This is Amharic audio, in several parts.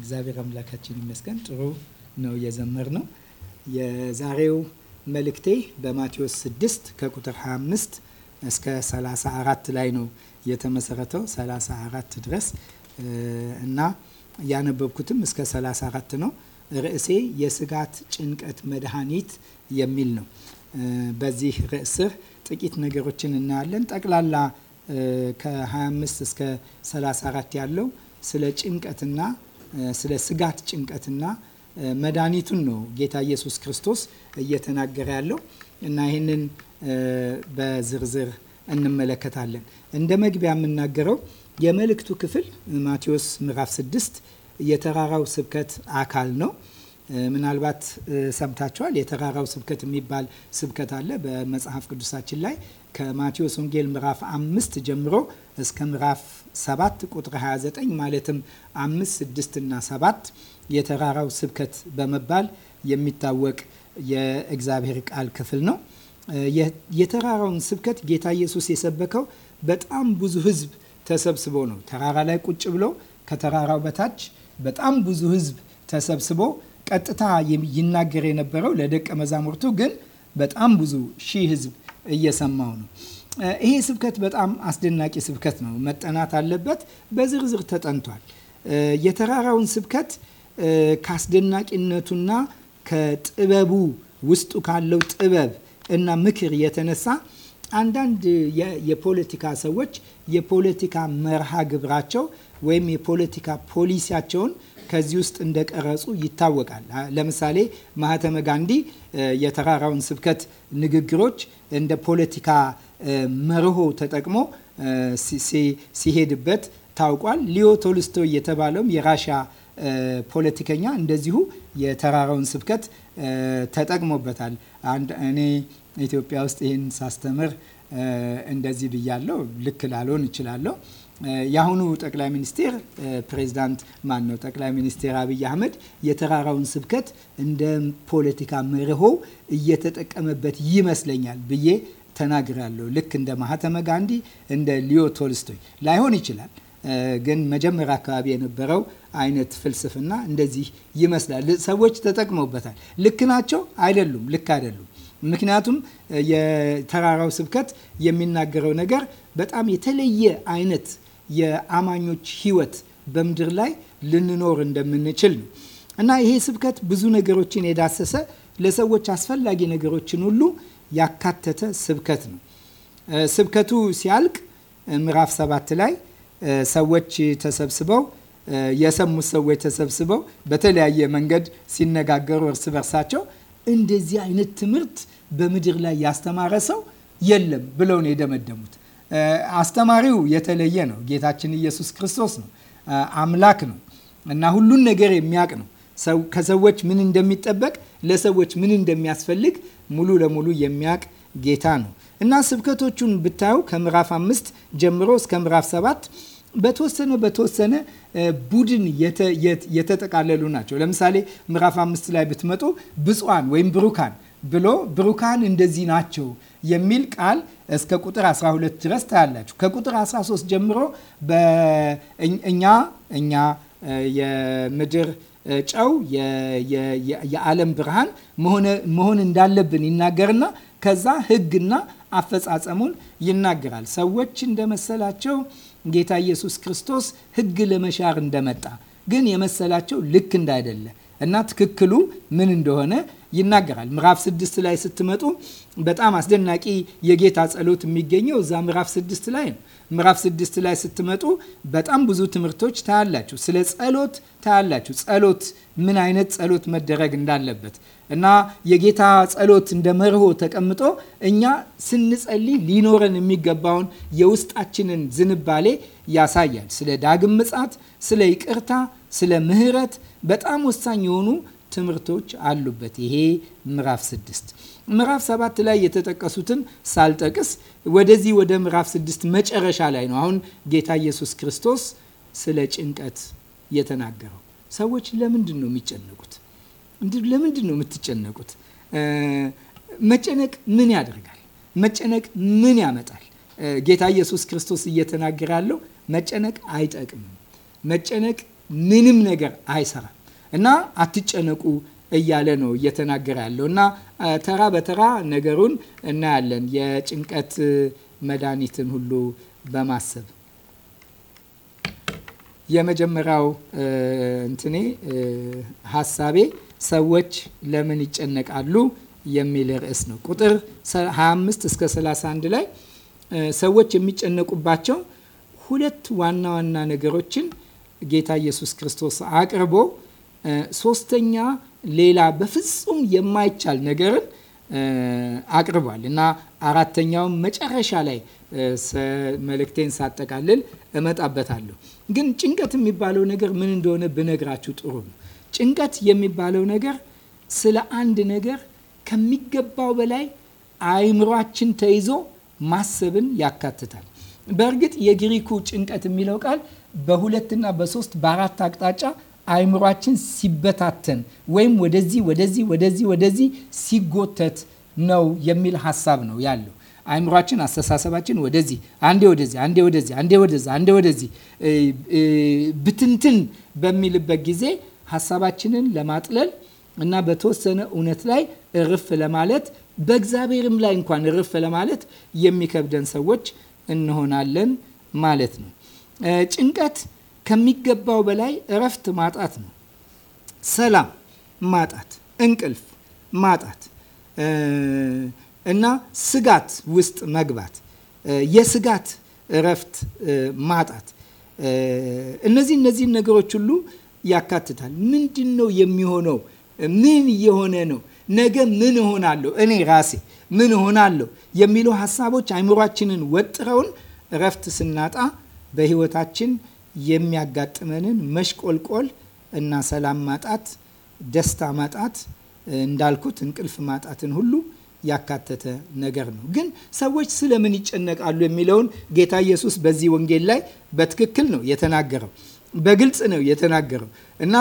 እግዚአብሔር አምላካችን ይመስገን ጥሩ ነው የዘመር ነው። የዛሬው መልእክቴ በማቴዎስ 6 ከቁጥር 25 እስከ 34 ላይ ነው የተመሰረተው 34 ድረስ እና ያነበብኩትም እስከ 34 ነው። ርዕሴ የስጋት ጭንቀት መድኃኒት የሚል ነው። በዚህ ርዕስ ስር ጥቂት ነገሮችን እናያለን። ጠቅላላ ከ25 እስከ 34 ያለው ስለ ጭንቀትና ስለ ስጋት ጭንቀትና መድኃኒቱን ነው ጌታ ኢየሱስ ክርስቶስ እየተናገረ ያለው እና ይህንን በዝርዝር እንመለከታለን። እንደ መግቢያ የምናገረው የመልእክቱ ክፍል ማቴዎስ ምዕራፍ 6 የተራራው ስብከት አካል ነው። ምናልባት ሰምታችኋል። የተራራው ስብከት የሚባል ስብከት አለ በመጽሐፍ ቅዱሳችን ላይ ከማቴዎስ ወንጌል ምዕራፍ አምስት ጀምሮ እስከ ምዕራፍ ሰባት ቁጥር 29 ማለትም አምስት ስድስት እና ሰባት የተራራው ስብከት በመባል የሚታወቅ የእግዚአብሔር ቃል ክፍል ነው። የተራራውን ስብከት ጌታ ኢየሱስ የሰበከው በጣም ብዙ ሕዝብ ተሰብስቦ ነው። ተራራ ላይ ቁጭ ብሎ ከተራራው በታች በጣም ብዙ ሕዝብ ተሰብስቦ ቀጥታ ይናገር የነበረው ለደቀ መዛሙርቱ ግን በጣም ብዙ ሺህ ህዝብ እየሰማው ነው። ይሄ ስብከት በጣም አስደናቂ ስብከት ነው። መጠናት አለበት። በዝርዝር ተጠንቷል። የተራራውን ስብከት ከአስደናቂነቱና ከጥበቡ ውስጡ ካለው ጥበብ እና ምክር የተነሳ አንዳንድ የፖለቲካ ሰዎች የፖለቲካ መርሃ ግብራቸው ወይም የፖለቲካ ፖሊሲያቸውን ከዚህ ውስጥ እንደቀረጹ ይታወቃል። ለምሳሌ ማህተመ ጋንዲ የተራራውን ስብከት ንግግሮች እንደ ፖለቲካ መርሆ ተጠቅሞ ሲሄድበት ታውቋል። ሊዮ ቶልስቶይ የተባለውም የራሻ ፖለቲከኛ እንደዚሁ የተራራውን ስብከት ተጠቅሞበታል። እኔ ኢትዮጵያ ውስጥ ይህን ሳስተምር እንደዚህ ብያለው፣ ልክ ላልሆን እችላለሁ። የአሁኑ ጠቅላይ ሚኒስቴር ፕሬዚዳንት ማን ነው? ጠቅላይ ሚኒስቴር አብይ አህመድ የተራራውን ስብከት እንደ ፖለቲካ መርሆ እየተጠቀመበት ይመስለኛል ብዬ ተናግራለሁ። ልክ እንደ ማህተመ ጋንዲ፣ እንደ ሊዮ ቶልስቶይ ላይሆን ይችላል፣ ግን መጀመሪያ አካባቢ የነበረው አይነት ፍልስፍና እንደዚህ ይመስላል። ሰዎች ተጠቅመውበታል። ልክ ናቸው? አይደሉም። ልክ አይደሉም። ምክንያቱም የተራራው ስብከት የሚናገረው ነገር በጣም የተለየ አይነት የአማኞች ህይወት በምድር ላይ ልንኖር እንደምንችል ነው እና ይሄ ስብከት ብዙ ነገሮችን የዳሰሰ ለሰዎች አስፈላጊ ነገሮችን ሁሉ ያካተተ ስብከት ነው። ስብከቱ ሲያልቅ ምዕራፍ ሰባት ላይ ሰዎች ተሰብስበው የሰሙት ሰዎች ተሰብስበው በተለያየ መንገድ ሲነጋገሩ እርስ በርሳቸው እንደዚህ አይነት ትምህርት በምድር ላይ ያስተማረ ሰው የለም ብለው ነው የደመደሙት። አስተማሪው የተለየ ነው። ጌታችን ኢየሱስ ክርስቶስ ነው። አምላክ ነው እና ሁሉን ነገር የሚያውቅ ነው። ከሰዎች ምን እንደሚጠበቅ፣ ለሰዎች ምን እንደሚያስፈልግ ሙሉ ለሙሉ የሚያውቅ ጌታ ነው እና ስብከቶቹን ብታዩ ከምዕራፍ አምስት ጀምሮ እስከ ምዕራፍ ሰባት በተወሰነ በተወሰነ ቡድን የተጠቃለሉ ናቸው። ለምሳሌ ምዕራፍ አምስት ላይ ብትመጡ ብፁዓን ወይም ብሩካን ብሎ ብሩካን እንደዚህ ናቸው የሚል ቃል እስከ ቁጥር 12 ድረስ ታያላችሁ። ከቁጥር 13 ጀምሮ እኛ እኛ የምድር ጨው የዓለም ብርሃን መሆን እንዳለብን ይናገርና ከዛ ሕግና አፈጻጸሙን ይናገራል። ሰዎች እንደመሰላቸው ጌታ ኢየሱስ ክርስቶስ ሕግ ለመሻር እንደመጣ ግን የመሰላቸው ልክ እንዳይደለ እና ትክክሉ ምን እንደሆነ ይናገራል። ምዕራፍ ስድስት ላይ ስትመጡ በጣም አስደናቂ የጌታ ጸሎት የሚገኘው እዛ ምዕራፍ ስድስት ላይ ነው። ምዕራፍ ስድስት ላይ ስትመጡ በጣም ብዙ ትምህርቶች ታያላችሁ። ስለ ጸሎት ታያላችሁ። ጸሎት ምን አይነት ጸሎት መደረግ እንዳለበት እና የጌታ ጸሎት እንደ መርሆ ተቀምጦ እኛ ስንጸልይ ሊኖረን የሚገባውን የውስጣችንን ዝንባሌ ያሳያል። ስለ ዳግም ምጻት፣ ስለ ይቅርታ፣ ስለ ምህረት በጣም ወሳኝ የሆኑ ትምህርቶች አሉበት ይሄ ምዕራፍ ስድስት ምዕራፍ ሰባት ላይ የተጠቀሱትን ሳልጠቅስ ወደዚህ ወደ ምዕራፍ ስድስት መጨረሻ ላይ ነው አሁን ጌታ ኢየሱስ ክርስቶስ ስለ ጭንቀት የተናገረው። ሰዎች ለምንድን ነው የሚጨነቁት? ለምንድን ነው የምትጨነቁት? መጨነቅ ምን ያደርጋል? መጨነቅ ምን ያመጣል? ጌታ ኢየሱስ ክርስቶስ እየተናገረ ያለው መጨነቅ አይጠቅምም፣ መጨነቅ ምንም ነገር አይሰራም። እና አትጨነቁ እያለ ነው እየተናገረ ያለው እና ተራ በተራ ነገሩን እናያለን። የጭንቀት መድኃኒትን ሁሉ በማሰብ የመጀመሪያው እንትኔ ሀሳቤ ሰዎች ለምን ይጨነቃሉ የሚል ርዕስ ነው። ቁጥር 25 እስከ 31 ላይ ሰዎች የሚጨነቁባቸው ሁለት ዋና ዋና ነገሮችን ጌታ ኢየሱስ ክርስቶስ አቅርቦ ሶስተኛ ሌላ በፍጹም የማይቻል ነገርን አቅርቧል እና አራተኛውን መጨረሻ ላይ መልእክቴን ሳጠቃልል እመጣበታለሁ። ግን ጭንቀት የሚባለው ነገር ምን እንደሆነ ብነግራችሁ ጥሩ ነው። ጭንቀት የሚባለው ነገር ስለ አንድ ነገር ከሚገባው በላይ አይምሯችን ተይዞ ማሰብን ያካትታል። በእርግጥ የግሪኩ ጭንቀት የሚለው ቃል በሁለትና በሶስት በአራት አቅጣጫ አይምሯችን ሲበታተን ወይም ወደዚህ ወደዚህ ወደዚህ ወደዚህ ሲጎተት ነው የሚል ሀሳብ ነው ያለው። አይምሯችን አስተሳሰባችን ወደዚህ አንዴ ወደዚህ አንዴ ወደዚህ አንዴ ወደዚህ አንዴ ወደዚህ ብትንትን በሚልበት ጊዜ ሀሳባችንን ለማጥለል እና በተወሰነ እውነት ላይ እርፍ ለማለት በእግዚአብሔርም ላይ እንኳን እርፍ ለማለት የሚከብደን ሰዎች እንሆናለን ማለት ነው። ጭንቀት ከሚገባው በላይ እረፍት ማጣት ነው። ሰላም ማጣት፣ እንቅልፍ ማጣት እና ስጋት ውስጥ መግባት፣ የስጋት እረፍት ማጣት፣ እነዚህ እነዚህ ነገሮች ሁሉ ያካትታል። ምንድን ነው የሚሆነው? ምን እየሆነ ነው? ነገ ምን እሆናለሁ? እኔ ራሴ ምን እሆናለሁ የሚሉ ሀሳቦች አይምሯችንን ወጥረውን እረፍት ስናጣ በህይወታችን የሚያጋጥመንን መሽቆልቆል እና ሰላም ማጣት፣ ደስታ ማጣት፣ እንዳልኩት እንቅልፍ ማጣትን ሁሉ ያካተተ ነገር ነው። ግን ሰዎች ስለምን ይጨነቃሉ የሚለውን ጌታ ኢየሱስ በዚህ ወንጌል ላይ በትክክል ነው የተናገረው፣ በግልጽ ነው የተናገረው እና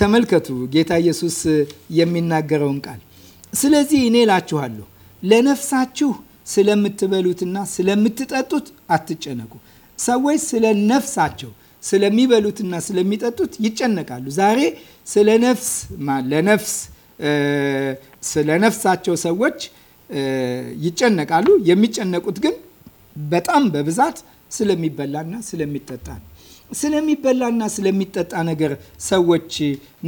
ተመልከቱ ጌታ ኢየሱስ የሚናገረውን ቃል። ስለዚህ እኔ እላችኋለሁ ለነፍሳችሁ ስለምትበሉትና ስለምትጠጡት አትጨነቁ። ሰዎች ስለ ነፍሳቸው ስለሚበሉትና ስለሚጠጡት ይጨነቃሉ። ዛሬ ስለ ነፍስ ለነፍስ ስለ ነፍሳቸው ሰዎች ይጨነቃሉ። የሚጨነቁት ግን በጣም በብዛት ስለሚበላና ስለሚጠጣ ነው። ስለሚበላና ስለሚጠጣ ነገር ሰዎች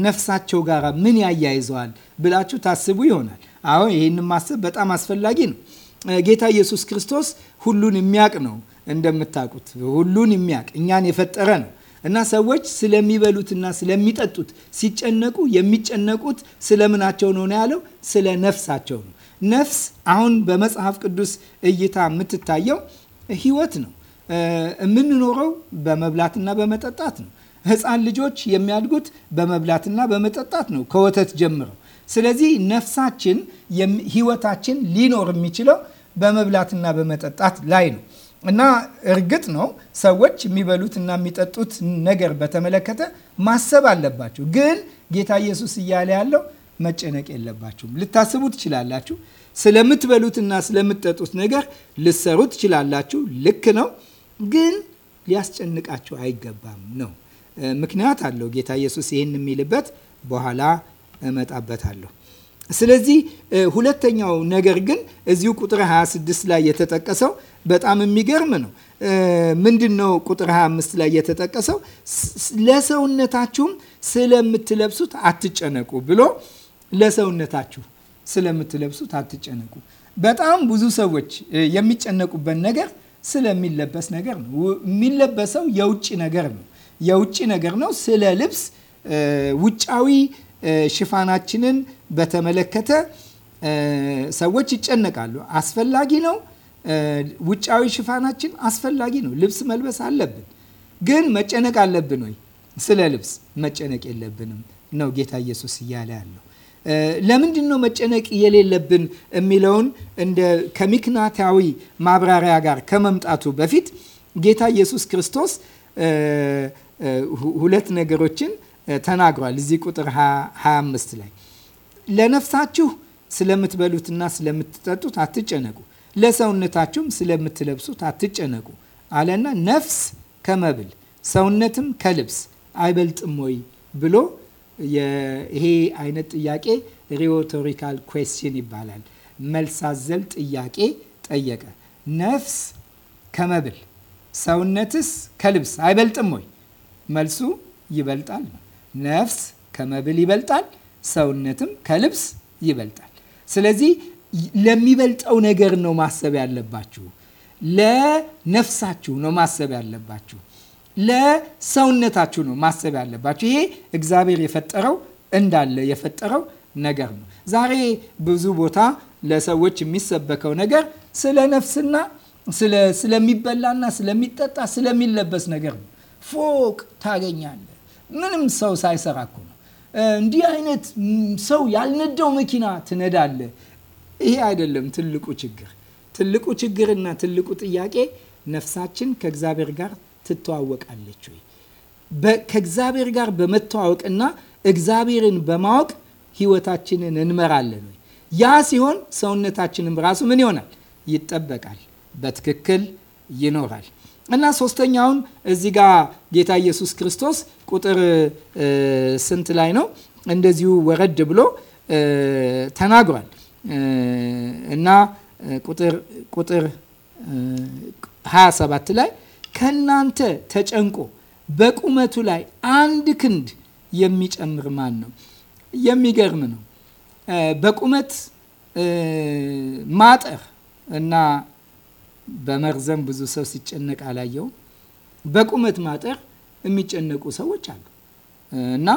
ነፍሳቸው ጋር ምን ያያይዘዋል ብላችሁ ታስቡ ይሆናል። አሁን ይህን ማሰብ በጣም አስፈላጊ ነው። ጌታ ኢየሱስ ክርስቶስ ሁሉን የሚያውቅ ነው። እንደምታውቁት ሁሉን የሚያውቅ እኛን የፈጠረ ነው እና ሰዎች ስለሚበሉትና ስለሚጠጡት ሲጨነቁ የሚጨነቁት ስለምናቸው ነው ያለው፣ ስለ ነፍሳቸው ነው። ነፍስ አሁን በመጽሐፍ ቅዱስ እይታ የምትታየው ህይወት ነው። የምንኖረው በመብላትና በመጠጣት ነው። ህፃን ልጆች የሚያድጉት በመብላትና በመጠጣት ነው ከወተት ጀምረው። ስለዚህ ነፍሳችን ህይወታችን ሊኖር የሚችለው በመብላትና በመጠጣት ላይ ነው። እና እርግጥ ነው ሰዎች የሚበሉት እና የሚጠጡት ነገር በተመለከተ ማሰብ አለባቸው። ግን ጌታ ኢየሱስ እያለ ያለው መጨነቅ የለባችሁም። ልታስቡ ትችላላችሁ። ስለምትበሉትና ስለምትጠጡት ነገር ልሰሩ ትችላላችሁ። ልክ ነው። ግን ሊያስጨንቃችሁ አይገባም ነው። ምክንያት አለው ጌታ ኢየሱስ ይህን የሚልበት በኋላ እመጣበታለሁ። ስለዚህ ሁለተኛው ነገር ግን እዚሁ ቁጥር 26 ላይ የተጠቀሰው በጣም የሚገርም ነው። ምንድን ነው? ቁጥር 25 ላይ የተጠቀሰው ለሰውነታችሁም ስለምትለብሱት አትጨነቁ ብሎ ለሰውነታችሁ ስለምትለብሱት አትጨነቁ። በጣም ብዙ ሰዎች የሚጨነቁበት ነገር ስለሚለበስ ነገር ነው። የሚለበሰው የውጭ ነገር ነው። የውጭ ነገር ነው። ስለ ልብስ ውጫዊ ሽፋናችንን በተመለከተ ሰዎች ይጨነቃሉ። አስፈላጊ ነው። ውጫዊ ሽፋናችን አስፈላጊ ነው። ልብስ መልበስ አለብን። ግን መጨነቅ አለብን ወይ? ስለ ልብስ መጨነቅ የለብንም ነው ጌታ ኢየሱስ እያለ ያለው። ለምንድን ነው መጨነቅ የሌለብን የሚለውን እንደ ከምክንያታዊ ማብራሪያ ጋር ከመምጣቱ በፊት ጌታ ኢየሱስ ክርስቶስ ሁለት ነገሮችን ተናግሯል። እዚህ ቁጥር 25 ላይ ለነፍሳችሁ ስለምትበሉትና ስለምትጠጡት አትጨነቁ፣ ለሰውነታችሁም ስለምትለብሱት አትጨነቁ አለና ነፍስ ከመብል ሰውነትም ከልብስ አይበልጥም ወይ ብሎ ይሄ አይነት ጥያቄ ሪቶሪካል ኩዌስችን ይባላል። መልስ አዘል ጥያቄ ጠየቀ። ነፍስ ከመብል ሰውነትስ ከልብስ አይበልጥም ወይ? መልሱ ይበልጣል ነው። ነፍስ ከመብል ይበልጣል፣ ሰውነትም ከልብስ ይበልጣል። ስለዚህ ለሚበልጠው ነገር ነው ማሰብ ያለባችሁ። ለነፍሳችሁ ነው ማሰብ ያለባችሁ። ለሰውነታችሁ ነው ማሰብ ያለባችሁ። ይሄ እግዚአብሔር የፈጠረው እንዳለ የፈጠረው ነገር ነው። ዛሬ ብዙ ቦታ ለሰዎች የሚሰበከው ነገር ስለ ነፍስና ስለሚበላና ስለሚጠጣ ስለሚለበስ ነገር ነው። ፎቅ ታገኛለህ ምንም ሰው ሳይሰራ እኮ እንዲህ አይነት ሰው ያልነዳው መኪና ትነዳለ። ይሄ አይደለም ትልቁ ችግር። ትልቁ ችግርና ትልቁ ጥያቄ ነፍሳችን ከእግዚአብሔር ጋር ትተዋወቃለች ወይ? ከእግዚአብሔር ጋር በመተዋወቅና እግዚአብሔርን በማወቅ ህይወታችንን እንመራለን ወይ? ያ ሲሆን ሰውነታችንም ራሱ ምን ይሆናል? ይጠበቃል፣ በትክክል ይኖራል። እና ሶስተኛውን እዚህ ጋ ጌታ ኢየሱስ ክርስቶስ ቁጥር ስንት ላይ ነው እንደዚሁ ወረድ ብሎ ተናግሯል እና ቁጥር ቁጥር 27 ላይ ከእናንተ ተጨንቆ በቁመቱ ላይ አንድ ክንድ የሚጨምር ማን ነው? የሚገርም ነው። በቁመት ማጠር እና በመርዘም ብዙ ሰው ሲጨነቅ አላየውም። በቁመት ማጠር የሚጨነቁ ሰዎች አሉ እና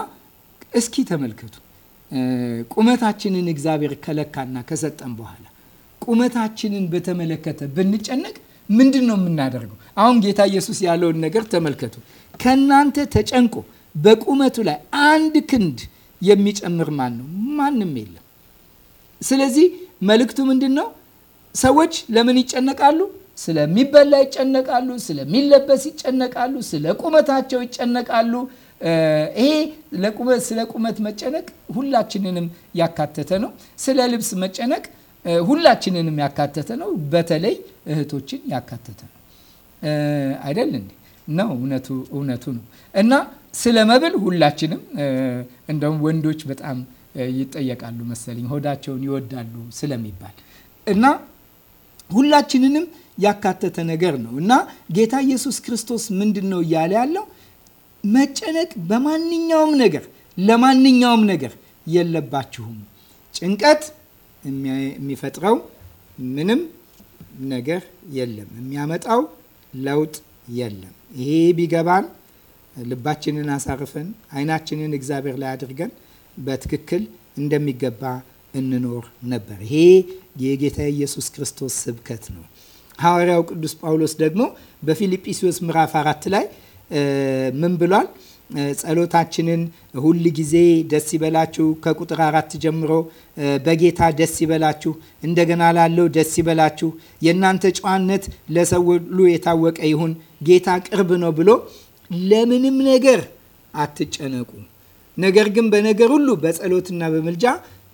እስኪ ተመልከቱ ቁመታችንን እግዚአብሔር ከለካና ከሰጠን በኋላ ቁመታችንን በተመለከተ ብንጨነቅ ምንድን ነው የምናደርገው? አሁን ጌታ ኢየሱስ ያለውን ነገር ተመልከቱ። ከእናንተ ተጨንቆ በቁመቱ ላይ አንድ ክንድ የሚጨምር ማን ነው? ማንም የለም። ስለዚህ መልእክቱ ምንድን ነው? ሰዎች ለምን ይጨነቃሉ? ስለሚበላ ይጨነቃሉ፣ ስለሚለበስ ይጨነቃሉ፣ ስለ ቁመታቸው ይጨነቃሉ። ይሄ ስለ ቁመት መጨነቅ ሁላችንንም ያካተተ ነው። ስለ ልብስ መጨነቅ ሁላችንንም ያካተተ ነው። በተለይ እህቶችን ያካተተ ነው አይደል እንዴ? ነው እውነቱ እውነቱ ነው። እና ስለ መብል ሁላችንም እንደውም ወንዶች በጣም ይጠየቃሉ መሰለኝ ሆዳቸውን ይወዳሉ ስለሚባል እና ሁላችንንም ያካተተ ነገር ነው እና ጌታ ኢየሱስ ክርስቶስ ምንድን ነው እያለ ያለው መጨነቅ በማንኛውም ነገር ለማንኛውም ነገር የለባችሁም። ጭንቀት የሚፈጥረው ምንም ነገር የለም፣ የሚያመጣው ለውጥ የለም። ይሄ ቢገባን ልባችንን አሳርፈን አይናችንን እግዚአብሔር ላይ አድርገን በትክክል እንደሚገባ እንኖር ነበር። ይሄ የጌታ ኢየሱስ ክርስቶስ ስብከት ነው። ሐዋርያው ቅዱስ ጳውሎስ ደግሞ በፊልጵስዩስ ምዕራፍ አራት ላይ ምን ብሏል? ጸሎታችንን ሁል ጊዜ ደስ ይበላችሁ፣ ከቁጥር አራት ጀምሮ በጌታ ደስ ይበላችሁ፣ እንደገና ላለው ደስ ይበላችሁ፣ የእናንተ ጨዋነት ለሰው ሁሉ የታወቀ ይሁን፣ ጌታ ቅርብ ነው ብሎ ለምንም ነገር አትጨነቁ፣ ነገር ግን በነገር ሁሉ በጸሎትና በምልጃ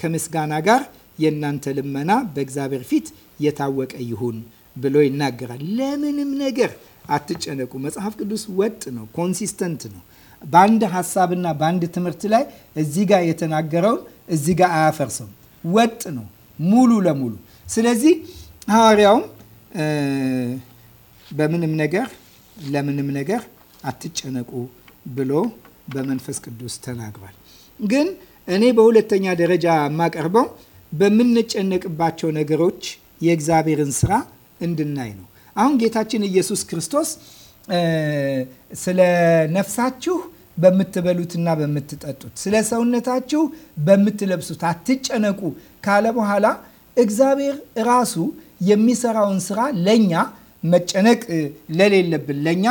ከምስጋና ጋር የእናንተ ልመና በእግዚአብሔር ፊት የታወቀ ይሁን ብሎ ይናገራል። ለምንም ነገር አትጨነቁ። መጽሐፍ ቅዱስ ወጥ ነው፣ ኮንሲስተንት ነው። በአንድ ሀሳብና በአንድ ትምህርት ላይ እዚህ ጋር የተናገረውን እዚህ ጋር አያፈርሰውም። ወጥ ነው ሙሉ ለሙሉ። ስለዚህ ሐዋርያውም በምንም ነገር ለምንም ነገር አትጨነቁ ብሎ በመንፈስ ቅዱስ ተናግሯል። ግን እኔ በሁለተኛ ደረጃ የማቀርበው በምንጨነቅባቸው ነገሮች የእግዚአብሔርን ስራ እንድናይ ነው። አሁን ጌታችን ኢየሱስ ክርስቶስ ስለ ነፍሳችሁ በምትበሉትና በምትጠጡት ስለ ሰውነታችሁ በምትለብሱት አትጨነቁ ካለ በኋላ እግዚአብሔር ራሱ የሚሰራውን ስራ ለእኛ መጨነቅ ለሌለብን ለእኛ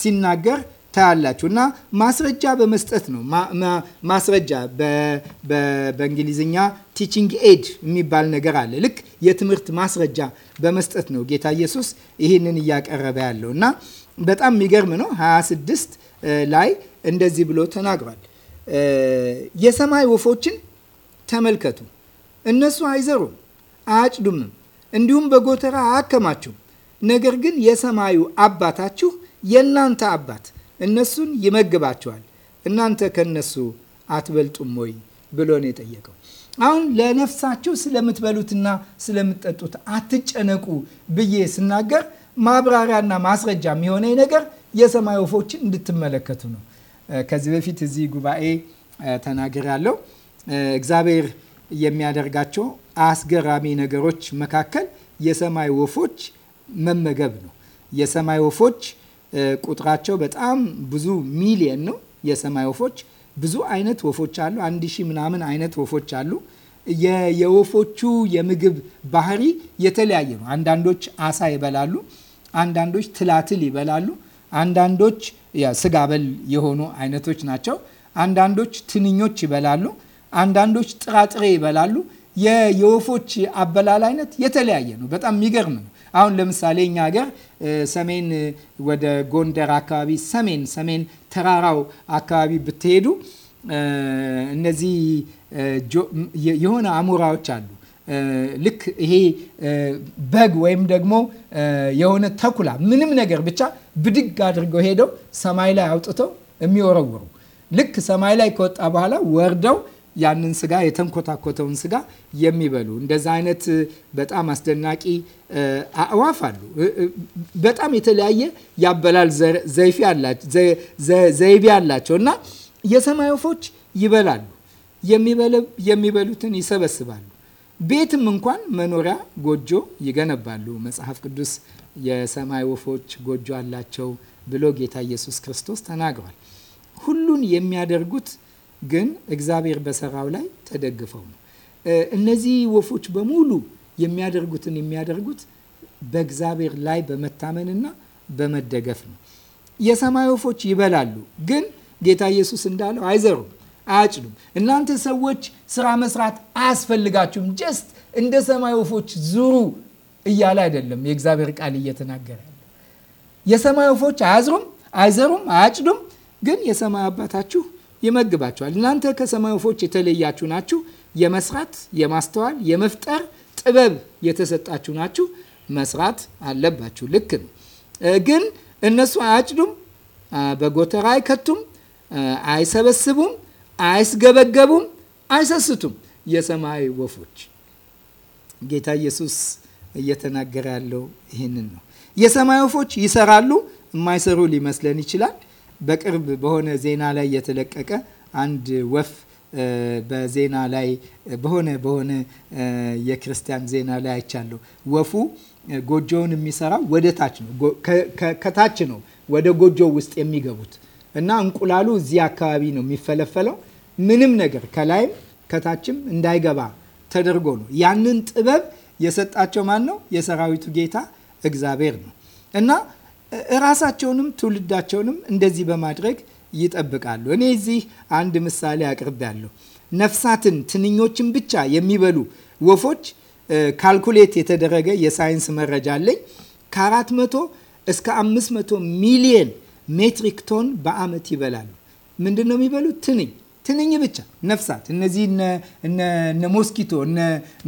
ሲናገር ታያላችሁ። እና ማስረጃ በመስጠት ነው። ማስረጃ በእንግሊዝኛ ቲቺንግ ኤድ የሚባል ነገር አለ። ልክ የትምህርት ማስረጃ በመስጠት ነው ጌታ ኢየሱስ ይህንን እያቀረበ ያለው እና በጣም የሚገርም ነው። 26 ላይ እንደዚህ ብሎ ተናግሯል። የሰማይ ወፎችን ተመልከቱ፣ እነሱ አይዘሩም አያጭዱምም፣ እንዲሁም በጎተራ አያከማችሁም። ነገር ግን የሰማዩ አባታችሁ የእናንተ አባት እነሱን ይመግባቸዋል። እናንተ ከነሱ አትበልጡም ወይ ብሎ ነው የጠየቀው። አሁን ለነፍሳችሁ ስለምትበሉትና ስለምትጠጡት አትጨነቁ ብዬ ስናገር ማብራሪያና ማስረጃ የሚሆነኝ ነገር የሰማይ ወፎችን እንድትመለከቱ ነው። ከዚህ በፊት እዚህ ጉባኤ ተናግሬያለሁ። እግዚአብሔር የሚያደርጋቸው አስገራሚ ነገሮች መካከል የሰማይ ወፎች መመገብ ነው። የሰማይ ወፎች ቁጥራቸው በጣም ብዙ ሚሊየን ነው። የሰማይ ወፎች ብዙ አይነት ወፎች አሉ። አንድ ሺህ ምናምን አይነት ወፎች አሉ። የወፎቹ የምግብ ባህሪ የተለያየ ነው። አንዳንዶች አሳ ይበላሉ፣ አንዳንዶች ትላትል ይበላሉ፣ አንዳንዶች ስጋ በል የሆኑ አይነቶች ናቸው። አንዳንዶች ትንኞች ይበላሉ፣ አንዳንዶች ጥራጥሬ ይበላሉ። የወፎች አበላል አይነት የተለያየ ነው። በጣም የሚገርም ነው። አሁን ለምሳሌ እኛ ሀገር ሰሜን ወደ ጎንደር አካባቢ ሰሜን ሰሜን ተራራው አካባቢ ብትሄዱ እነዚህ የሆነ አሞራዎች አሉ። ልክ ይሄ በግ ወይም ደግሞ የሆነ ተኩላ ምንም ነገር ብቻ ብድግ አድርገው ሄደው ሰማይ ላይ አውጥተው የሚወረውሩ ልክ ሰማይ ላይ ከወጣ በኋላ ወርደው ያንን ስጋ የተንኮታኮተውን ስጋ የሚበሉ እንደዛ አይነት በጣም አስደናቂ አእዋፍ አሉ። በጣም የተለያየ ያበላል ዘይቤ አላቸው እና የሰማይ ወፎች ይበላሉ፣ የሚበሉትን ይሰበስባሉ። ቤትም እንኳን መኖሪያ ጎጆ ይገነባሉ። መጽሐፍ ቅዱስ የሰማይ ወፎች ጎጆ አላቸው ብሎ ጌታ ኢየሱስ ክርስቶስ ተናግሯል። ሁሉን የሚያደርጉት ግን እግዚአብሔር በሰራው ላይ ተደግፈው ነው። እነዚህ ወፎች በሙሉ የሚያደርጉትን የሚያደርጉት በእግዚአብሔር ላይ በመታመንና በመደገፍ ነው። የሰማይ ወፎች ይበላሉ፣ ግን ጌታ ኢየሱስ እንዳለው አይዘሩም፣ አያጭዱም። እናንተ ሰዎች ስራ መስራት አያስፈልጋችሁም፣ ጀስት እንደ ሰማይ ወፎች ዙሩ እያለ አይደለም የእግዚአብሔር ቃል እየተናገረ የሰማይ ወፎች አያዝሩም፣ አይዘሩም፣ አያጭዱም፣ ግን የሰማይ አባታችሁ ይመግባቸዋል። እናንተ ከሰማይ ወፎች የተለያችሁ ናችሁ። የመስራት የማስተዋል፣ የመፍጠር ጥበብ የተሰጣችሁ ናችሁ። መስራት አለባችሁ። ልክ ነው። ግን እነሱ አያጭዱም፣ በጎተራ አይከቱም፣ አይሰበስቡም፣ አይስገበገቡም አይሰስቱም። የሰማይ ወፎች ጌታ ኢየሱስ እየተናገረ ያለው ይህንን ነው። የሰማይ ወፎች ይሰራሉ። የማይሰሩ ሊመስለን ይችላል። በቅርብ በሆነ ዜና ላይ የተለቀቀ አንድ ወፍ በዜና ላይ በሆነ በሆነ የክርስቲያን ዜና ላይ አይቻለሁ። ወፉ ጎጆውን የሚሰራው ወደ ታች ነው፣ ከታች ነው ወደ ጎጆ ውስጥ የሚገቡት እና እንቁላሉ እዚህ አካባቢ ነው የሚፈለፈለው። ምንም ነገር ከላይም ከታችም እንዳይገባ ተደርጎ ነው። ያንን ጥበብ የሰጣቸው ማን ነው? የሰራዊቱ ጌታ እግዚአብሔር ነው እና ራሳቸውንም ትውልዳቸውንም እንደዚህ በማድረግ ይጠብቃሉ። እኔ እዚህ አንድ ምሳሌ አቅርቤያለሁ። ነፍሳትን፣ ትንኞችን ብቻ የሚበሉ ወፎች ካልኩሌት የተደረገ የሳይንስ መረጃ አለኝ ከአራት መቶ እስከ አምስት መቶ ሚሊየን ሜትሪክ ቶን በአመት ይበላሉ። ምንድን ነው የሚበሉት? ትንኝ ትንኝ ብቻ ነፍሳት፣ እነዚህ እነ ሞስኪቶ እነ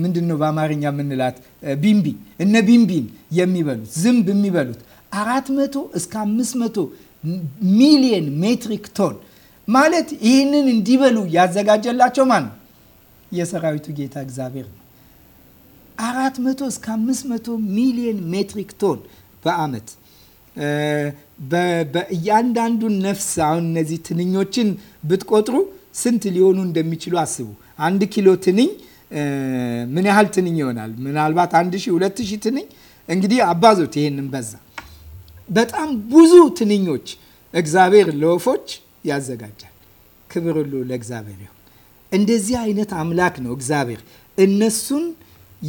ምንድን ነው በአማርኛ የምንላት ቢምቢ፣ እነ ቢምቢን የሚበሉት ዝንብ የሚበሉት መቶ እስከ መቶ ሚሊየን ሜትሪክ ቶን ማለት ይህንን እንዲበሉ ያዘጋጀላቸው ማን ነው? የሰራዊቱ ጌታ እግዚአብሔር ነው። መቶ እስከ 5መቶ ሚሊየን ሜትሪክ ቶን በአመት በእያንዳንዱን ነፍስ አሁን እነዚህ ትንኞችን ብትቆጥሩ ስንት ሊሆኑ እንደሚችሉ አስቡ። አንድ ኪሎ ትንኝ ምን ያህል ትንኝ ይሆናል? ምናልባት አንድ ሺህ ሁለት ሺህ ትንኝ እንግዲህ አባዞት ይሄንን በዛ በጣም ብዙ ትንኞች እግዚአብሔር ለወፎች ያዘጋጃል። ክብር ሁሉ ለእግዚአብሔር ይሁን። እንደዚህ አይነት አምላክ ነው እግዚአብሔር። እነሱን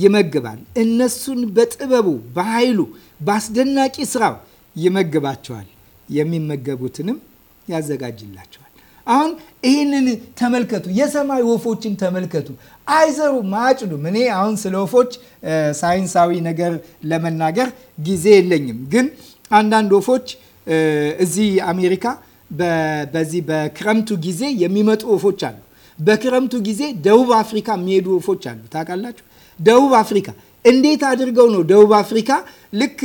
ይመግባል። እነሱን በጥበቡ በኃይሉ፣ በአስደናቂ ስራው ይመግባቸዋል። የሚመገቡትንም ያዘጋጅላቸዋል። አሁን ይህንን ተመልከቱ። የሰማይ ወፎችን ተመልከቱ። አይዘሩም፣ አያጭዱም። እኔ አሁን ስለ ወፎች ሳይንሳዊ ነገር ለመናገር ጊዜ የለኝም፣ ግን አንዳንድ ወፎች እዚህ አሜሪካ በዚህ በክረምቱ ጊዜ የሚመጡ ወፎች አሉ። በክረምቱ ጊዜ ደቡብ አፍሪካ የሚሄዱ ወፎች አሉ። ታውቃላችሁ? ደቡብ አፍሪካ እንዴት አድርገው ነው ደቡብ አፍሪካ ልክ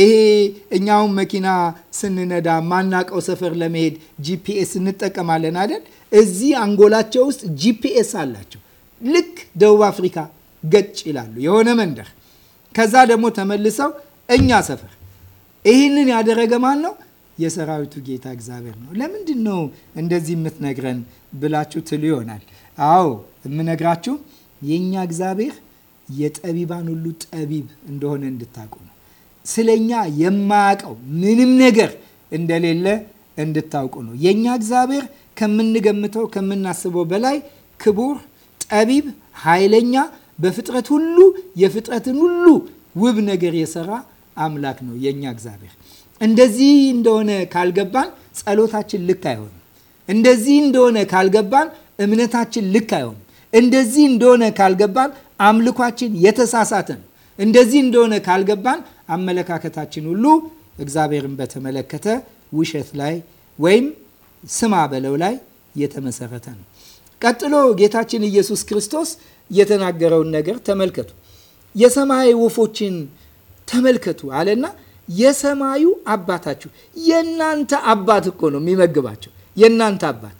ይሄ እኛውን መኪና ስንነዳ ማናቀው ሰፈር ለመሄድ ጂፒኤስ እንጠቀማለን አይደል? እዚህ አንጎላቸው ውስጥ ጂፒኤስ አላቸው። ልክ ደቡብ አፍሪካ ገጭ ይላሉ፣ የሆነ መንደር፣ ከዛ ደግሞ ተመልሰው እኛ ሰፈር ይህንን ያደረገ ማን ነው? የሰራዊቱ ጌታ እግዚአብሔር ነው። ለምንድን ነው እንደዚህ የምትነግረን ብላችሁ ትሉ ይሆናል። አዎ የምነግራችሁ የእኛ እግዚአብሔር የጠቢባን ሁሉ ጠቢብ እንደሆነ እንድታውቁ ነው። ስለኛ የማያውቀው ምንም ነገር እንደሌለ እንድታውቁ ነው። የእኛ እግዚአብሔር ከምንገምተው ከምናስበው በላይ ክቡር፣ ጠቢብ፣ ኃይለኛ በፍጥረት ሁሉ የፍጥረትን ሁሉ ውብ ነገር የሰራ አምላክ ነው የእኛ እግዚአብሔር። እንደዚህ እንደሆነ ካልገባን ጸሎታችን ልክ አይሆንም። እንደዚህ እንደሆነ ካልገባን እምነታችን ልክ አይሆንም። እንደዚህ እንደሆነ ካልገባን አምልኳችን የተሳሳተ ነው። እንደዚህ እንደሆነ ካልገባን አመለካከታችን ሁሉ እግዚአብሔርን በተመለከተ ውሸት ላይ ወይም ስማ በለው ላይ የተመሰረተ ነው። ቀጥሎ ጌታችን ኢየሱስ ክርስቶስ የተናገረውን ነገር ተመልከቱ። የሰማይ ወፎችን ተመልከቱ አለና የሰማዩ አባታችሁ የእናንተ አባት እኮ ነው የሚመግባቸው። የእናንተ አባት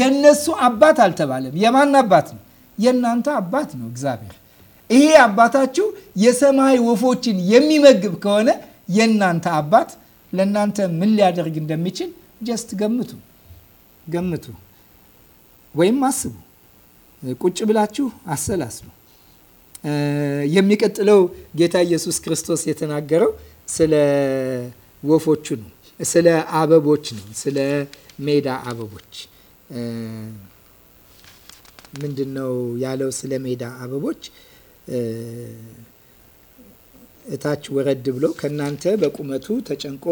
የእነሱ አባት አልተባለም። የማን አባት ነው? የእናንተ አባት ነው እግዚአብሔር። ይሄ አባታችሁ የሰማይ ወፎችን የሚመግብ ከሆነ የእናንተ አባት ለእናንተ ምን ሊያደርግ እንደሚችል ጀስት ገምቱ፣ ገምቱ ወይም አስቡ። ቁጭ ብላችሁ አሰላስሉ። የሚቀጥለው ጌታ ኢየሱስ ክርስቶስ የተናገረው ስለ ወፎቹ ነው፣ ስለ አበቦች ነው፣ ስለ ሜዳ አበቦች ምንድን ነው ያለው? ስለ ሜዳ አበቦች እታች ወረድ ብሎ ከእናንተ በቁመቱ ተጨንቆ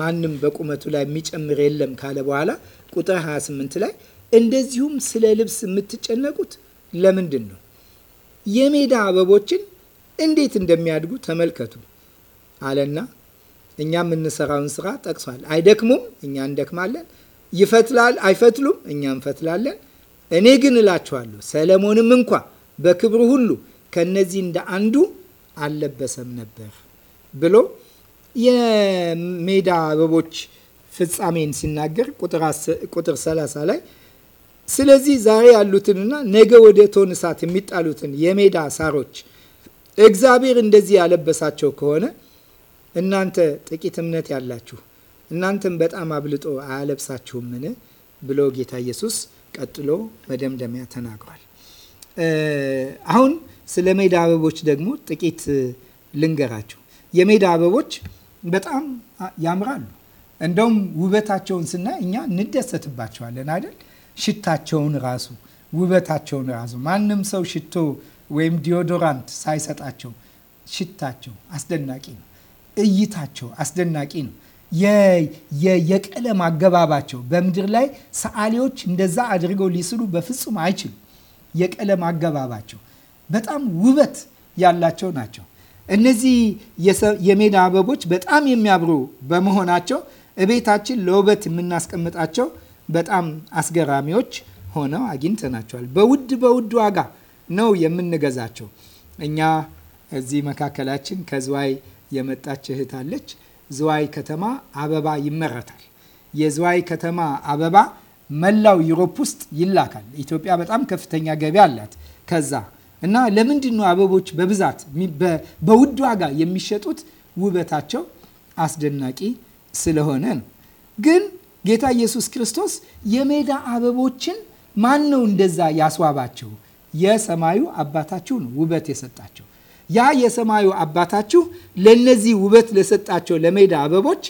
ማንም በቁመቱ ላይ የሚጨምር የለም ካለ በኋላ ቁጥር 28 ላይ እንደዚሁም ስለ ልብስ የምትጨነቁት ለምንድን ነው? የሜዳ አበቦችን እንዴት እንደሚያድጉ ተመልከቱ አለና እኛ የምንሰራውን ስራ ጠቅሷል። አይደክሙም፣ እኛ እንደክማለን። ይፈትላል፣ አይፈትሉም፣ እኛ እንፈትላለን። እኔ ግን እላችኋለሁ ሰለሞንም እንኳ በክብሩ ሁሉ ከነዚህ እንደ አንዱ አልለበሰም ነበር ብሎ የሜዳ አበቦች ፍጻሜን ሲናገር ቁጥር 30 ላይ ስለዚህ ዛሬ ያሉትንና ነገ ወደ ቶን እሳት የሚጣሉትን የሜዳ ሳሮች እግዚአብሔር እንደዚህ ያለበሳቸው ከሆነ እናንተ ጥቂት እምነት ያላችሁ እናንተም በጣም አብልጦ አያለብሳችሁምን? ብሎ ጌታ ኢየሱስ ቀጥሎ መደምደሚያ ተናግሯል። አሁን ስለ ሜዳ አበቦች ደግሞ ጥቂት ልንገራችሁ። የሜዳ አበቦች በጣም ያምራሉ። እንደውም ውበታቸውን ስናይ እኛ እንደሰትባቸዋለን አይደል? ሽታቸውን ራሱ ውበታቸውን ራሱ ማንም ሰው ሽቶ ወይም ዲዮዶራንት ሳይሰጣቸው ሽታቸው አስደናቂ ነው። እይታቸው አስደናቂ ነው። የቀለም አገባባቸው በምድር ላይ ሰዓሊዎች እንደዛ አድርገው ሊስሉ በፍጹም አይችሉ የቀለም አገባባቸው በጣም ውበት ያላቸው ናቸው። እነዚህ የሜዳ አበቦች በጣም የሚያብሩ በመሆናቸው እቤታችን ለውበት የምናስቀምጣቸው በጣም አስገራሚዎች ሆነው አግኝተናቸዋል። በውድ በውድ ዋጋ ነው የምንገዛቸው። እኛ እዚህ መካከላችን ከዝዋይ የመጣች እህት አለች። ዝዋይ ከተማ አበባ ይመረታል። የዝዋይ ከተማ አበባ መላው ዩሮፕ ውስጥ ይላካል። ኢትዮጵያ በጣም ከፍተኛ ገቢ አላት ከዛ እና ለምንድን ነው አበቦች በብዛት በውድ ዋጋ የሚሸጡት? ውበታቸው አስደናቂ ስለሆነ ነው። ግን ጌታ ኢየሱስ ክርስቶስ የሜዳ አበቦችን ማን ነው እንደዛ ያስዋባቸው? የሰማዩ አባታችሁ ነው ውበት የሰጣቸው። ያ የሰማዩ አባታችሁ ለነዚህ ውበት ለሰጣቸው ለሜዳ አበቦች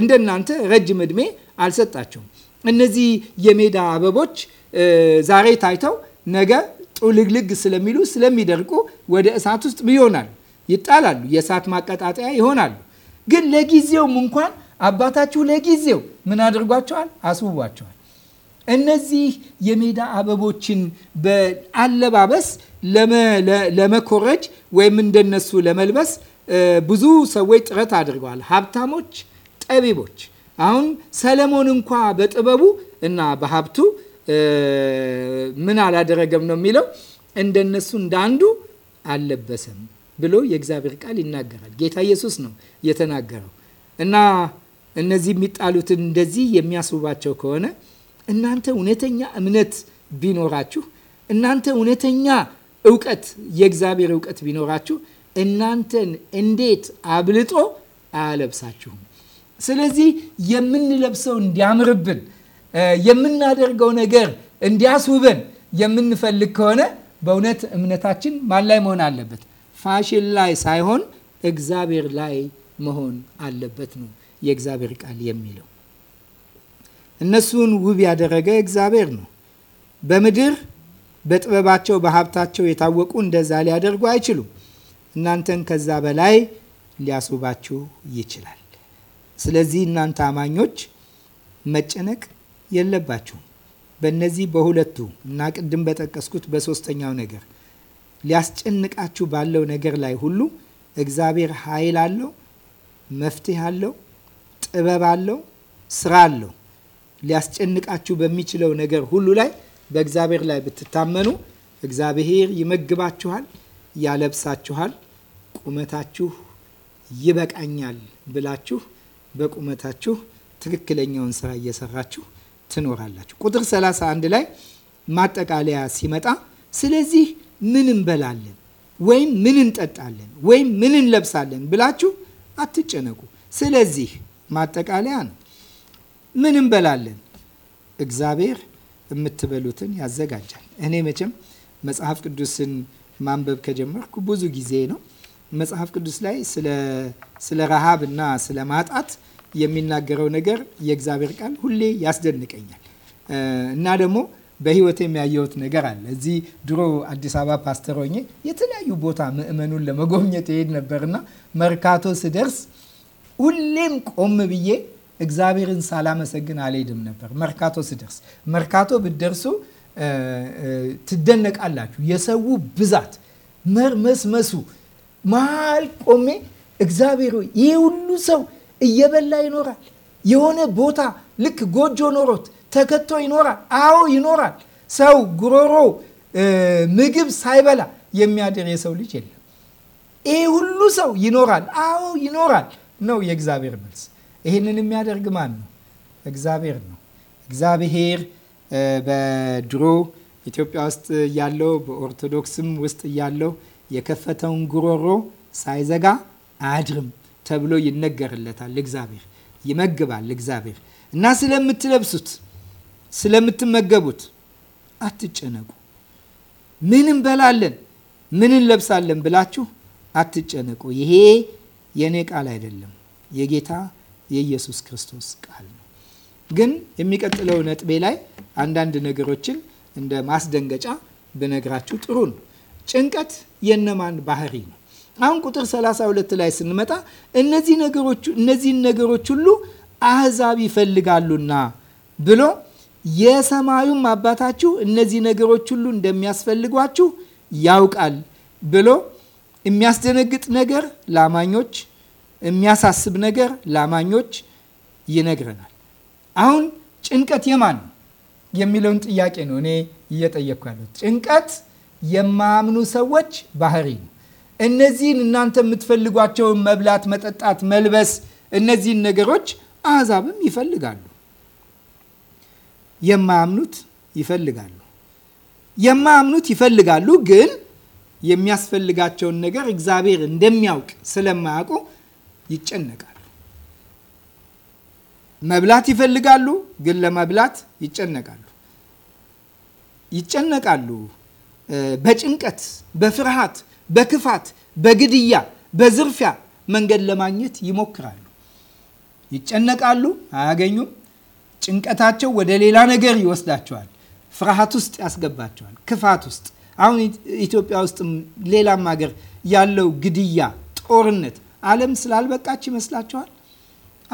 እንደናንተ ረጅም እድሜ አልሰጣቸውም። እነዚህ የሜዳ አበቦች ዛሬ ታይተው ነገ ጡልግልግ ስለሚሉ ስለሚደርቁ ወደ እሳት ውስጥ ይሆናሉ፣ ይጣላሉ፣ የእሳት ማቀጣጠያ ይሆናሉ። ግን ለጊዜውም እንኳን አባታችሁ ለጊዜው ምን አድርጓቸዋል? አስውቧቸዋል። እነዚህ የሜዳ አበቦችን በአለባበስ ለመኮረጅ ወይም እንደነሱ ለመልበስ ብዙ ሰዎች ጥረት አድርገዋል። ሀብታሞች፣ ጠቢቦች። አሁን ሰለሞን እንኳ በጥበቡ እና በሀብቱ ምን አላደረገም ነው የሚለው እንደነሱ እንዳንዱ አለበሰም አልለበሰም ብሎ የእግዚአብሔር ቃል ይናገራል። ጌታ ኢየሱስ ነው የተናገረው እና እነዚህ የሚጣሉትን እንደዚህ የሚያስውባቸው ከሆነ እናንተ እውነተኛ እምነት ቢኖራችሁ፣ እናንተ እውነተኛ እውቀት የእግዚአብሔር እውቀት ቢኖራችሁ እናንተን እንዴት አብልጦ አያለብሳችሁም? ስለዚህ የምንለብሰው እንዲያምርብን የምናደርገው ነገር እንዲያስውበን የምንፈልግ ከሆነ በእውነት እምነታችን ማን ላይ መሆን አለበት? ፋሽን ላይ ሳይሆን እግዚአብሔር ላይ መሆን አለበት ነው የእግዚአብሔር ቃል የሚለው እነሱን ውብ ያደረገ እግዚአብሔር ነው። በምድር በጥበባቸው በሀብታቸው የታወቁ እንደዛ ሊያደርጉ አይችሉም። እናንተን ከዛ በላይ ሊያስውባችሁ ይችላል። ስለዚህ እናንተ አማኞች መጨነቅ የለባችሁም። በእነዚህ በሁለቱ እና ቅድም በጠቀስኩት በሶስተኛው ነገር ሊያስጨንቃችሁ ባለው ነገር ላይ ሁሉ እግዚአብሔር ኃይል አለው፣ መፍትሄ አለው ጥበብ አለው፣ ስራ አለው። ሊያስጨንቃችሁ በሚችለው ነገር ሁሉ ላይ በእግዚአብሔር ላይ ብትታመኑ እግዚአብሔር ይመግባችኋል፣ ያለብሳችኋል። ቁመታችሁ ይበቃኛል ብላችሁ በቁመታችሁ ትክክለኛውን ስራ እየሰራችሁ ትኖራላችሁ። ቁጥር 31 ላይ ማጠቃለያ ሲመጣ ስለዚህ ምን እንበላለን ወይም ምን እንጠጣለን ወይም ምን እንለብሳለን ብላችሁ አትጨነቁ። ስለዚህ ማጠቃለያ ነው። ምን እንበላለን? እግዚአብሔር የምትበሉትን ያዘጋጃል። እኔ መቼም መጽሐፍ ቅዱስን ማንበብ ከጀመርኩ ብዙ ጊዜ ነው። መጽሐፍ ቅዱስ ላይ ስለ ረሃብ እና ስለ ማጣት የሚናገረው ነገር የእግዚአብሔር ቃል ሁሌ ያስደንቀኛል እና ደግሞ በህይወት የሚያየሁት ነገር አለ። እዚህ ድሮ አዲስ አበባ ፓስተር ሆኜ የተለያዩ ቦታ ምእመኑን ለመጎብኘት ይሄድ ነበርና መርካቶ ስደርስ ሁሌም ቆም ብዬ እግዚአብሔርን ሳላመሰግን አልሄድም ነበር። መርካቶ ስደርስ መርካቶ ብትደርሱ ትደነቃላችሁ። የሰው ብዛት መርመስመሱ፣ መሀል ቆሜ እግዚአብሔር ይህ ሁሉ ሰው እየበላ ይኖራል። የሆነ ቦታ ልክ ጎጆ ኖሮት ተከቶ ይኖራል። አዎ ይኖራል። ሰው ጉሮሮ ምግብ ሳይበላ የሚያድር የሰው ልጅ የለም። ይህ ሁሉ ሰው ይኖራል። አዎ ይኖራል። ነው የእግዚአብሔር መልስ። ይህንን የሚያደርግ ማን ነው? እግዚአብሔር ነው። እግዚአብሔር በድሮ ኢትዮጵያ ውስጥ እያለው በኦርቶዶክስም ውስጥ እያለው የከፈተውን ጉሮሮ ሳይዘጋ አያድርም ተብሎ ይነገርለታል። እግዚአብሔር ይመግባል። እግዚአብሔር እና ስለምትለብሱት ስለምትመገቡት አትጨነቁ። ምን እንበላለን፣ ምን እንለብሳለን ብላችሁ አትጨነቁ። ይሄ የእኔ ቃል አይደለም፣ የጌታ የኢየሱስ ክርስቶስ ቃል ነው። ግን የሚቀጥለው ነጥቤ ላይ አንዳንድ ነገሮችን እንደ ማስደንገጫ ብነግራችሁ ጥሩ ነው። ጭንቀት የነማን ባህሪ ነው? አሁን ቁጥር 32 ላይ ስንመጣ እነዚህ ነገሮች እነዚህን ነገሮች ሁሉ አህዛብ ይፈልጋሉና ብሎ የሰማዩም አባታችሁ እነዚህ ነገሮች ሁሉ እንደሚያስፈልጓችሁ ያውቃል ብሎ የሚያስደነግጥ ነገር ላማኞች፣ የሚያሳስብ ነገር ላማኞች ይነግረናል። አሁን ጭንቀት የማን የሚለውን ጥያቄ ነው እኔ እየጠየቅኩ ያለሁት። ጭንቀት የማያምኑ ሰዎች ባህሪ ነው። እነዚህን እናንተ የምትፈልጓቸውን መብላት፣ መጠጣት፣ መልበስ እነዚህን ነገሮች አሕዛብም ይፈልጋሉ። የማያምኑት ይፈልጋሉ። የማያምኑት ይፈልጋሉ ግን የሚያስፈልጋቸውን ነገር እግዚአብሔር እንደሚያውቅ ስለማያውቁ ይጨነቃሉ። መብላት ይፈልጋሉ፣ ግን ለመብላት ይጨነቃሉ ይጨነቃሉ። በጭንቀት፣ በፍርሃት፣ በክፋት፣ በግድያ፣ በዝርፊያ መንገድ ለማግኘት ይሞክራሉ። ይጨነቃሉ፣ አያገኙም። ጭንቀታቸው ወደ ሌላ ነገር ይወስዳቸዋል። ፍርሃት ውስጥ ያስገባቸዋል። ክፋት ውስጥ አሁን ኢትዮጵያ ውስጥም ሌላም ሀገር ያለው ግድያ፣ ጦርነት ዓለም ስላልበቃች ይመስላችኋል?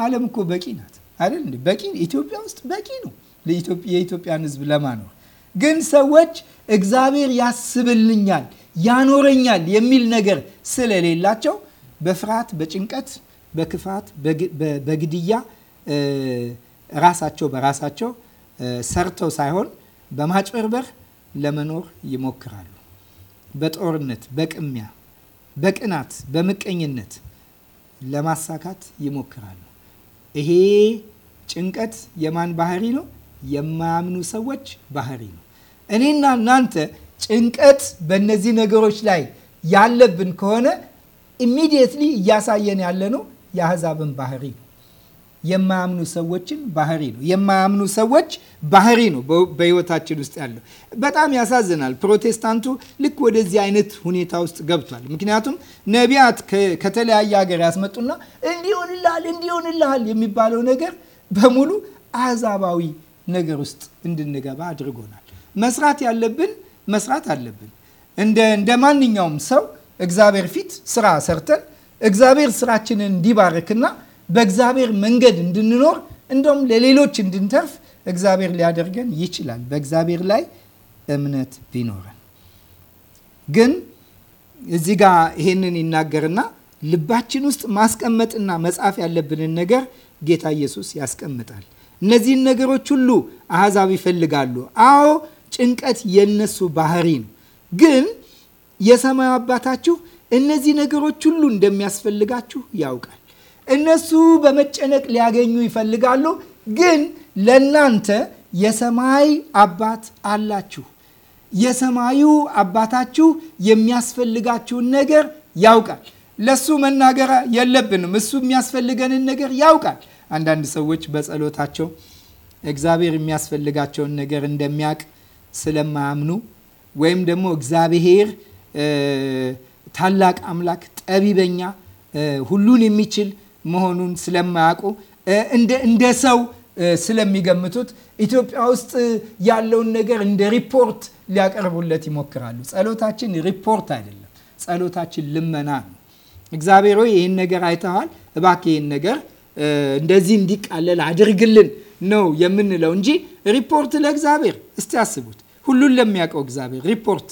ዓለም እኮ በቂ ናት አይደል? በቂ ኢትዮጵያ ውስጥ በቂ ነው የኢትዮጵያን ሕዝብ ለማኖር ግን ሰዎች እግዚአብሔር ያስብልኛል ያኖረኛል የሚል ነገር ስለሌላቸው በፍርሃት፣ በጭንቀት፣ በክፋት፣ በግድያ ራሳቸው በራሳቸው ሰርተው ሳይሆን በማጭበርበር ለመኖር ይሞክራሉ። በጦርነት፣ በቅሚያ፣ በቅናት፣ በምቀኝነት ለማሳካት ይሞክራሉ። ይሄ ጭንቀት የማን ባህሪ ነው? የማያምኑ ሰዎች ባህሪ ነው። እኔና እናንተ ጭንቀት በእነዚህ ነገሮች ላይ ያለብን ከሆነ ኢሚዲየትሊ እያሳየን ያለ ነው የአህዛብን ባህሪ ነው። የማያምኑ ሰዎችን ባህሪ ነው። የማያምኑ ሰዎች ባህሪ ነው በህይወታችን ውስጥ ያለው። በጣም ያሳዝናል። ፕሮቴስታንቱ ልክ ወደዚህ አይነት ሁኔታ ውስጥ ገብቷል። ምክንያቱም ነቢያት ከተለያየ ሀገር ያስመጡና እንዲሆንልሃል እንዲሆንልሃል የሚባለው ነገር በሙሉ አዛባዊ ነገር ውስጥ እንድንገባ አድርጎናል። መስራት ያለብን መስራት አለብን። እንደ ማንኛውም ሰው እግዚአብሔር ፊት ስራ ሰርተን እግዚአብሔር ስራችንን እንዲባርክና በእግዚአብሔር መንገድ እንድንኖር እንደውም ለሌሎች እንድንተርፍ እግዚአብሔር ሊያደርገን ይችላል፣ በእግዚአብሔር ላይ እምነት ቢኖረን። ግን እዚህ ጋ ይሄንን ይናገርና ልባችን ውስጥ ማስቀመጥና መጻፍ ያለብንን ነገር ጌታ ኢየሱስ ያስቀምጣል። እነዚህን ነገሮች ሁሉ አሕዛብ ይፈልጋሉ። አዎ ጭንቀት የነሱ ባህሪ ነው። ግን የሰማዩ አባታችሁ እነዚህ ነገሮች ሁሉ እንደሚያስፈልጋችሁ ያውቃል። እነሱ በመጨነቅ ሊያገኙ ይፈልጋሉ። ግን ለእናንተ የሰማይ አባት አላችሁ። የሰማዩ አባታችሁ የሚያስፈልጋችሁን ነገር ያውቃል። ለሱ መናገር የለብንም። እሱ የሚያስፈልገንን ነገር ያውቃል። አንዳንድ ሰዎች በጸሎታቸው እግዚአብሔር የሚያስፈልጋቸውን ነገር እንደሚያውቅ ስለማያምኑ ወይም ደግሞ እግዚአብሔር ታላቅ አምላክ፣ ጠቢበኛ፣ ሁሉን የሚችል መሆኑን ስለማያውቁ እንደ ሰው ስለሚገምቱት ኢትዮጵያ ውስጥ ያለውን ነገር እንደ ሪፖርት ሊያቀርቡለት ይሞክራሉ። ጸሎታችን ሪፖርት አይደለም። ጸሎታችን ልመና ነው። እግዚአብሔር ሆይ ይህን ነገር አይተዋል፣ እባክህ ይህን ነገር እንደዚህ እንዲቃለል አድርግልን ነው የምንለው እንጂ ሪፖርት ለእግዚአብሔር እስቲ አስቡት። ሁሉን ለሚያውቀው እግዚአብሔር ሪፖርት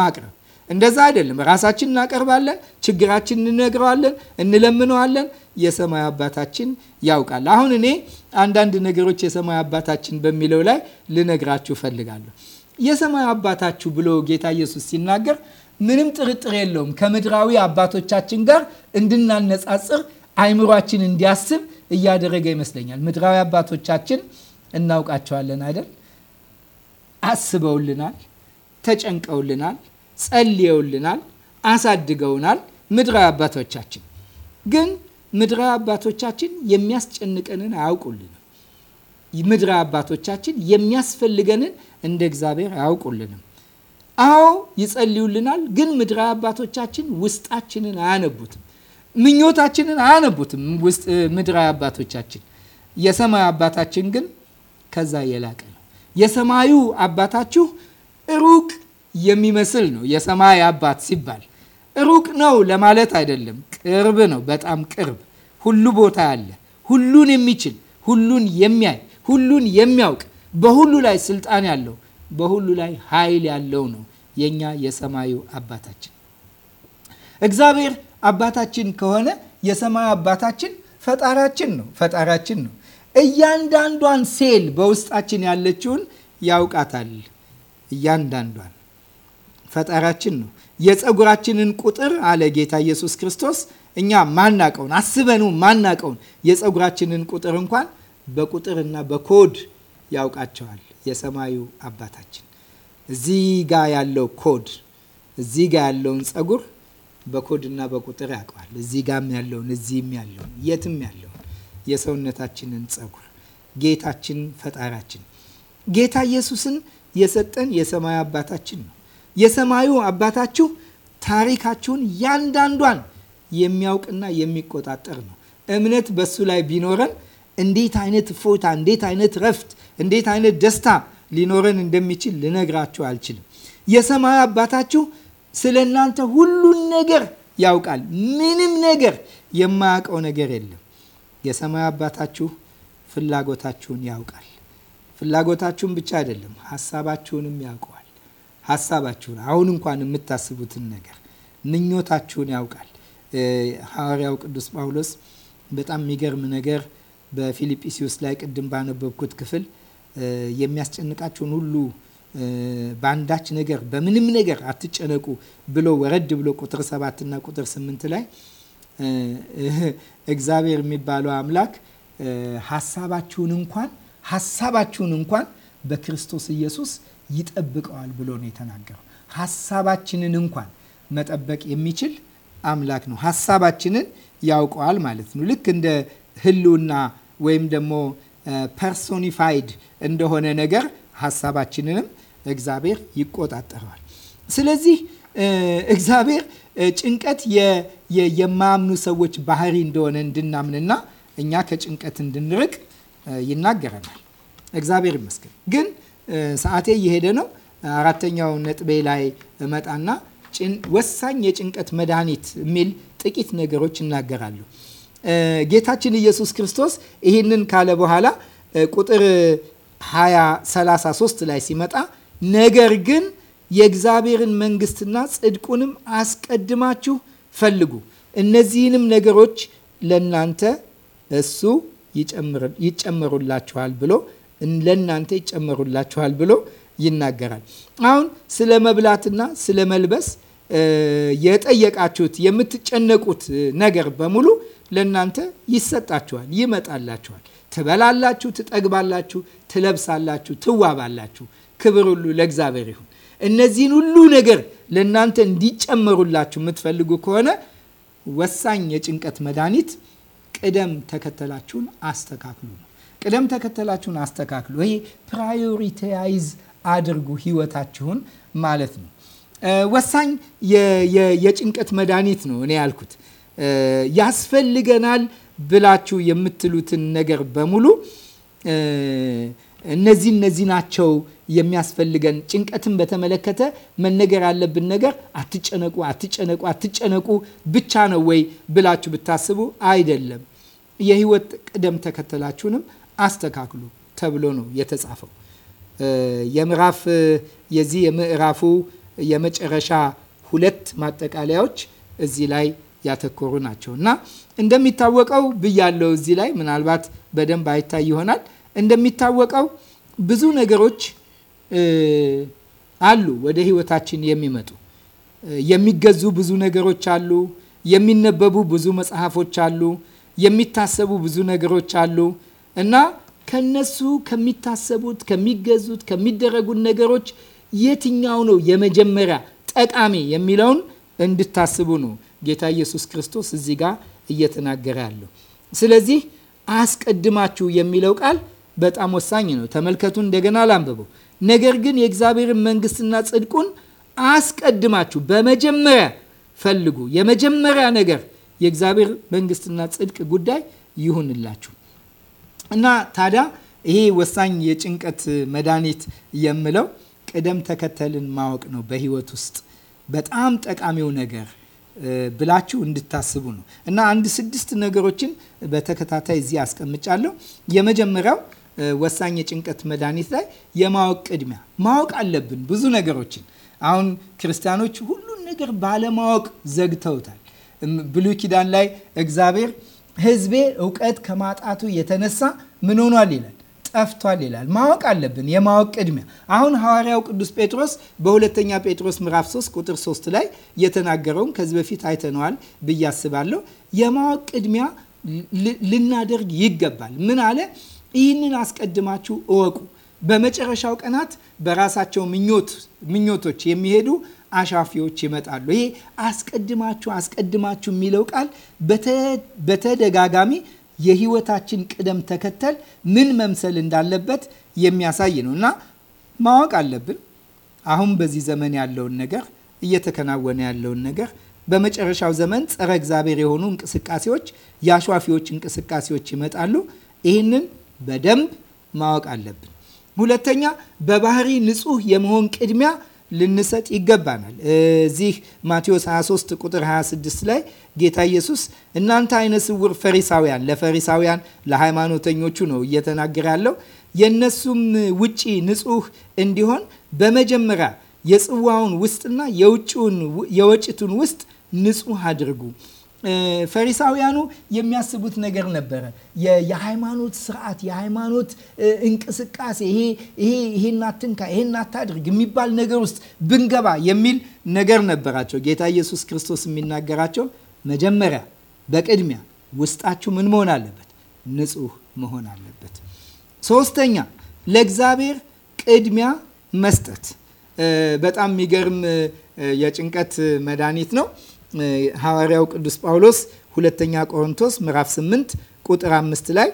ማቅረብ እንደዛ አይደለም። ራሳችን እናቀርባለን፣ ችግራችን እንነግረዋለን፣ እንለምነዋለን። የሰማይ አባታችን ያውቃል። አሁን እኔ አንዳንድ ነገሮች የሰማይ አባታችን በሚለው ላይ ልነግራችሁ ፈልጋለሁ የሰማይ አባታችሁ ብሎ ጌታ ኢየሱስ ሲናገር ምንም ጥርጥር የለውም ከምድራዊ አባቶቻችን ጋር እንድናነጻጽር አይምሯችን እንዲያስብ እያደረገ ይመስለኛል። ምድራዊ አባቶቻችን እናውቃቸዋለን አይደል? አስበውልናል፣ ተጨንቀውልናል ጸልየውልናል፣ አሳድገውናል ምድራዊ አባቶቻችን። ግን ምድራዊ አባቶቻችን የሚያስጨንቀንን አያውቁልንም። ምድራዊ አባቶቻችን የሚያስፈልገንን እንደ እግዚአብሔር አያውቁልንም። አዎ ይጸልዩልናል፣ ግን ምድራዊ አባቶቻችን ውስጣችንን አያነቡትም፣ ምኞታችንን አያነቡትም። ውስጥ ምድራዊ አባቶቻችን የሰማይ አባታችን ግን ከዛ የላቀ ነው። የሰማዩ አባታችሁ ሩቅ የሚመስል ነው። የሰማይ አባት ሲባል ሩቅ ነው ለማለት አይደለም፣ ቅርብ ነው፣ በጣም ቅርብ፣ ሁሉ ቦታ ያለ፣ ሁሉን የሚችል፣ ሁሉን የሚያይ፣ ሁሉን የሚያውቅ፣ በሁሉ ላይ ስልጣን ያለው፣ በሁሉ ላይ ኃይል ያለው ነው የኛ የሰማዩ አባታችን እግዚአብሔር አባታችን ከሆነ የሰማዩ አባታችን ፈጣራችን ነው። ፈጣራችን ነው። እያንዳንዷን ሴል በውስጣችን ያለችውን ያውቃታል። እያንዳንዷን ፈጣሪያችን ነው። የፀጉራችንን ቁጥር አለ ጌታ ኢየሱስ ክርስቶስ እኛ ማናቀውን አስበነው ማናቀውን የፀጉራችንን ቁጥር እንኳን በቁጥርና በኮድ ያውቃቸዋል የሰማዩ አባታችን። እዚህ ጋ ያለው ኮድ እዚህ ጋ ያለውን ፀጉር በኮድና በቁጥር ያውቀዋል። እዚህ ጋም ያለውን እዚህም ያለውን የትም ያለውን የሰውነታችንን ፀጉር ጌታችን ፈጣሪያችን ጌታ ኢየሱስን የሰጠን የሰማይ አባታችን ነው። የሰማዩ አባታችሁ ታሪካችሁን ያንዳንዷን የሚያውቅና የሚቆጣጠር ነው። እምነት በሱ ላይ ቢኖረን እንዴት አይነት እፎይታ፣ እንዴት አይነት ረፍት፣ እንዴት አይነት ደስታ ሊኖረን እንደሚችል ልነግራችሁ አልችልም። የሰማዩ አባታችሁ ስለ እናንተ ሁሉን ነገር ያውቃል። ምንም ነገር የማያውቀው ነገር የለም። የሰማዩ አባታችሁ ፍላጎታችሁን ያውቃል። ፍላጎታችሁን ብቻ አይደለም፣ ሀሳባችሁንም ያውቀ ሀሳባችሁን፣ አሁን እንኳን የምታስቡትን ነገር ምኞታችሁን ያውቃል። ሐዋርያው ቅዱስ ጳውሎስ በጣም የሚገርም ነገር በፊልጵስዩስ ላይ ቅድም ባነበብኩት ክፍል የሚያስጨንቃችሁን ሁሉ በአንዳች ነገር በምንም ነገር አትጨነቁ ብሎ ወረድ ብሎ ቁጥር ሰባት እና ቁጥር ስምንት ላይ እግዚአብሔር የሚባለው አምላክ ሀሳባችሁን እንኳን ሀሳባችሁን እንኳን በክርስቶስ ኢየሱስ ይጠብቀዋል ብሎ ነው የተናገረው። ሀሳባችንን እንኳን መጠበቅ የሚችል አምላክ ነው። ሀሳባችንን ያውቀዋል ማለት ነው። ልክ እንደ ህልውና ወይም ደግሞ ፐርሶኒፋይድ እንደሆነ ነገር ሀሳባችንንም እግዚአብሔር ይቆጣጠረዋል። ስለዚህ እግዚአብሔር ጭንቀት የማያምኑ ሰዎች ባህሪ እንደሆነ እንድናምንና እኛ ከጭንቀት እንድንርቅ ይናገረናል። እግዚአብሔር ይመስገን ግን ሰዓቴ እየሄደ ነው። አራተኛው ነጥቤ ላይ እመጣና ወሳኝ የጭንቀት መድኃኒት የሚል ጥቂት ነገሮች እናገራሉ። ጌታችን ኢየሱስ ክርስቶስ ይህንን ካለ በኋላ ቁጥር 20 33 ላይ ሲመጣ ነገር ግን የእግዚአብሔርን መንግስትና ጽድቁንም አስቀድማችሁ ፈልጉ እነዚህንም ነገሮች ለእናንተ እሱ ይጨምሩላችኋል ብሎ ለእናንተ ይጨመሩላችኋል ብሎ ይናገራል። አሁን ስለ መብላትና ስለ መልበስ የጠየቃችሁት የምትጨነቁት ነገር በሙሉ ለእናንተ ይሰጣችኋል፣ ይመጣላችኋል። ትበላላችሁ፣ ትጠግባላችሁ፣ ትለብሳላችሁ፣ ትዋባላችሁ። ክብር ሁሉ ለእግዚአብሔር ይሁን። እነዚህን ሁሉ ነገር ለእናንተ እንዲጨመሩላችሁ የምትፈልጉ ከሆነ ወሳኝ የጭንቀት መድኃኒት ቅደም ተከተላችሁን አስተካክሉ ነው። ቅደም ተከተላችሁን አስተካክሉ። ይሄ ፕራዮሪታይዝ አድርጉ ህይወታችሁን ማለት ነው። ወሳኝ የጭንቀት መድኃኒት ነው። እኔ ያልኩት ያስፈልገናል ብላችሁ የምትሉትን ነገር በሙሉ እነዚህ እነዚህ ናቸው የሚያስፈልገን። ጭንቀትን በተመለከተ መነገር ያለብን ነገር አትጨነቁ፣ አትጨነቁ፣ አትጨነቁ ብቻ ነው ወይ ብላችሁ ብታስቡ አይደለም። የህይወት ቅደም ተከተላችሁንም አስተካክሉ ተብሎ ነው የተጻፈው። የምዕራፍ የዚህ የምዕራፉ የመጨረሻ ሁለት ማጠቃለያዎች እዚህ ላይ ያተኮሩ ናቸው እና እንደሚታወቀው ብያለው እዚህ ላይ ምናልባት በደንብ አይታይ ይሆናል። እንደሚታወቀው ብዙ ነገሮች አሉ ወደ ህይወታችን የሚመጡ የሚገዙ ብዙ ነገሮች አሉ። የሚነበቡ ብዙ መጽሐፎች አሉ። የሚታሰቡ ብዙ ነገሮች አሉ። እና ከነሱ ከሚታሰቡት ከሚገዙት ከሚደረጉት ነገሮች የትኛው ነው የመጀመሪያ ጠቃሚ የሚለውን እንድታስቡ ነው ጌታ ኢየሱስ ክርስቶስ እዚህ ጋር እየተናገረ ያለው። ስለዚህ አስቀድማችሁ የሚለው ቃል በጣም ወሳኝ ነው። ተመልከቱ፣ እንደገና ላንብበው። ነገር ግን የእግዚአብሔርን መንግስትና ጽድቁን አስቀድማችሁ በመጀመሪያ ፈልጉ። የመጀመሪያ ነገር የእግዚአብሔር መንግስትና ጽድቅ ጉዳይ ይሁንላችሁ። እና ታዲያ ይሄ ወሳኝ የጭንቀት መድኃኒት የምለው ቅደም ተከተልን ማወቅ ነው። በህይወት ውስጥ በጣም ጠቃሚው ነገር ብላችሁ እንድታስቡ ነው እና አንድ ስድስት ነገሮችን በተከታታይ እዚህ አስቀምጫለሁ። የመጀመሪያው ወሳኝ የጭንቀት መድኃኒት ላይ የማወቅ ቅድሚያ ማወቅ አለብን ብዙ ነገሮችን። አሁን ክርስቲያኖች ሁሉን ነገር ባለማወቅ ዘግተውታል። ብሉይ ኪዳን ላይ እግዚአብሔር ህዝቤ እውቀት ከማጣቱ የተነሳ ምን ሆኗል ይላል ጠፍቷል ይላል። ማወቅ አለብን። የማወቅ ቅድሚያ አሁን ሐዋርያው ቅዱስ ጴጥሮስ በሁለተኛ ጴጥሮስ ምዕራፍ 3 ቁጥር 3 ላይ የተናገረውን ከዚህ በፊት አይተነዋል ብዬ አስባለሁ። የማወቅ ቅድሚያ ልናደርግ ይገባል። ምን አለ? ይህንን አስቀድማችሁ እወቁ፣ በመጨረሻው ቀናት በራሳቸው ምኞቶች የሚሄዱ አሻፊዎች ይመጣሉ። ይሄ አስቀድማችሁ አስቀድማችሁ የሚለው ቃል በተደጋጋሚ የህይወታችን ቅደም ተከተል ምን መምሰል እንዳለበት የሚያሳይ ነው እና ማወቅ አለብን። አሁን በዚህ ዘመን ያለውን ነገር እየተከናወነ ያለውን ነገር በመጨረሻው ዘመን ጸረ እግዚአብሔር የሆኑ እንቅስቃሴዎች፣ የአሿፊዎች እንቅስቃሴዎች ይመጣሉ። ይህንን በደንብ ማወቅ አለብን። ሁለተኛ በባህሪ ንጹህ የመሆን ቅድሚያ ልንሰጥ ይገባናል። እዚህ ማቴዎስ 23 ቁጥር 26 ላይ ጌታ ኢየሱስ እናንተ አይነ ስውር ፈሪሳውያን፣ ለፈሪሳውያን ለሃይማኖተኞቹ ነው እየተናገረ ያለው። የእነሱም ውጪ ንጹህ እንዲሆን በመጀመሪያ የጽዋውን ውስጥና የውጭውን የወጭቱን ውስጥ ንጹህ አድርጉ ፈሪሳውያኑ የሚያስቡት ነገር ነበረ። የሃይማኖት ስርዓት፣ የሃይማኖት እንቅስቃሴ ይሄን አትንካ፣ ይሄን አታድርግ የሚባል ነገር ውስጥ ብንገባ የሚል ነገር ነበራቸው። ጌታ ኢየሱስ ክርስቶስ የሚናገራቸው መጀመሪያ፣ በቅድሚያ ውስጣችሁ ምን መሆን አለበት? ንጹህ መሆን አለበት። ሶስተኛ፣ ለእግዚአብሔር ቅድሚያ መስጠት። በጣም የሚገርም የጭንቀት መድኃኒት ነው። ሐዋርያው ቅዱስ ጳውሎስ ሁለተኛ ቆሮንቶስ ምዕራፍ 8 ቁጥር 5 ላይ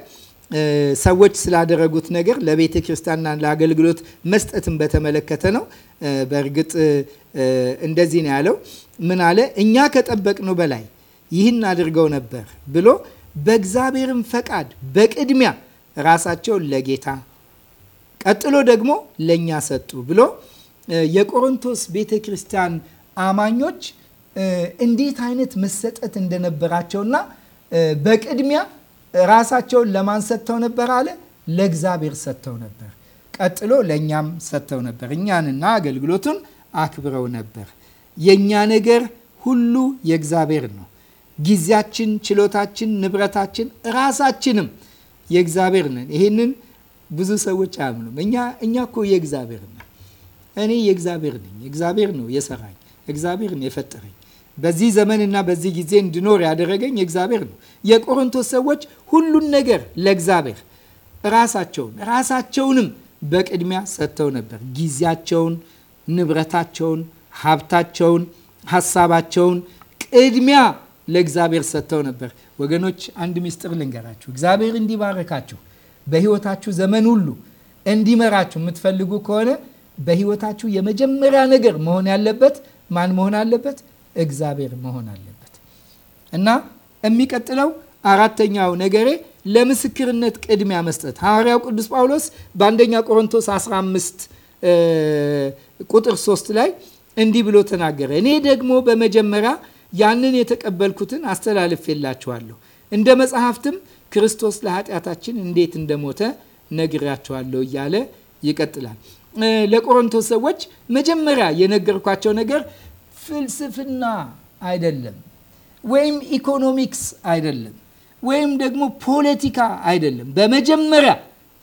ሰዎች ስላደረጉት ነገር ለቤተ ክርስቲያንና ለአገልግሎት መስጠትን በተመለከተ ነው። በእርግጥ እንደዚህ ነው ያለው። ምን አለ? እኛ ከጠበቅነው በላይ ይህን አድርገው ነበር ብሎ በእግዚአብሔርም ፈቃድ በቅድሚያ ራሳቸውን ለጌታ ቀጥሎ ደግሞ ለእኛ ሰጡ ብሎ የቆሮንቶስ ቤተ ክርስቲያን አማኞች እንዴት አይነት መሰጠት እንደነበራቸውና በቅድሚያ ራሳቸውን ለማን ሰጥተው ነበር አለ? ለእግዚአብሔር ሰጥተው ነበር። ቀጥሎ ለእኛም ሰጥተው ነበር። እኛንና አገልግሎቱን አክብረው ነበር። የእኛ ነገር ሁሉ የእግዚአብሔር ነው። ጊዜያችን፣ ችሎታችን፣ ንብረታችን፣ ራሳችንም የእግዚአብሔር ነን። ይህንን ብዙ ሰዎች አያምኑም። እኛ እኛ እኮ የእግዚአብሔር ነን። እኔ የእግዚአብሔር ነኝ። እግዚአብሔር ነው የሰራኝ። እግዚአብሔር ነው የፈጠረኝ። በዚህ ዘመንና በዚህ ጊዜ እንድኖር ያደረገኝ እግዚአብሔር ነው። የቆሮንቶስ ሰዎች ሁሉን ነገር ለእግዚአብሔር ራሳቸውን ራሳቸውንም በቅድሚያ ሰጥተው ነበር። ጊዜያቸውን፣ ንብረታቸውን፣ ሀብታቸውን፣ ሀሳባቸውን ቅድሚያ ለእግዚአብሔር ሰጥተው ነበር። ወገኖች አንድ ምስጢር ልንገራችሁ። እግዚአብሔር እንዲባረካችሁ በህይወታችሁ ዘመን ሁሉ እንዲመራችሁ የምትፈልጉ ከሆነ በህይወታችሁ የመጀመሪያ ነገር መሆን ያለበት ማን መሆን አለበት? እግዚአብሔር መሆን አለበት እና የሚቀጥለው አራተኛው ነገሬ ለምስክርነት ቅድሚያ መስጠት ሐዋርያው ቅዱስ ጳውሎስ በአንደኛ ቆሮንቶስ 15 ቁጥር 3 ላይ እንዲህ ብሎ ተናገረ። እኔ ደግሞ በመጀመሪያ ያንን የተቀበልኩትን አስተላልፌላችኋለሁ። እንደ መጽሐፍትም ክርስቶስ ለኃጢአታችን እንዴት እንደሞተ ነግራችኋለሁ እያለ ይቀጥላል። ለቆሮንቶስ ሰዎች መጀመሪያ የነገርኳቸው ነገር ፍልስፍና አይደለም፣ ወይም ኢኮኖሚክስ አይደለም፣ ወይም ደግሞ ፖለቲካ አይደለም። በመጀመሪያ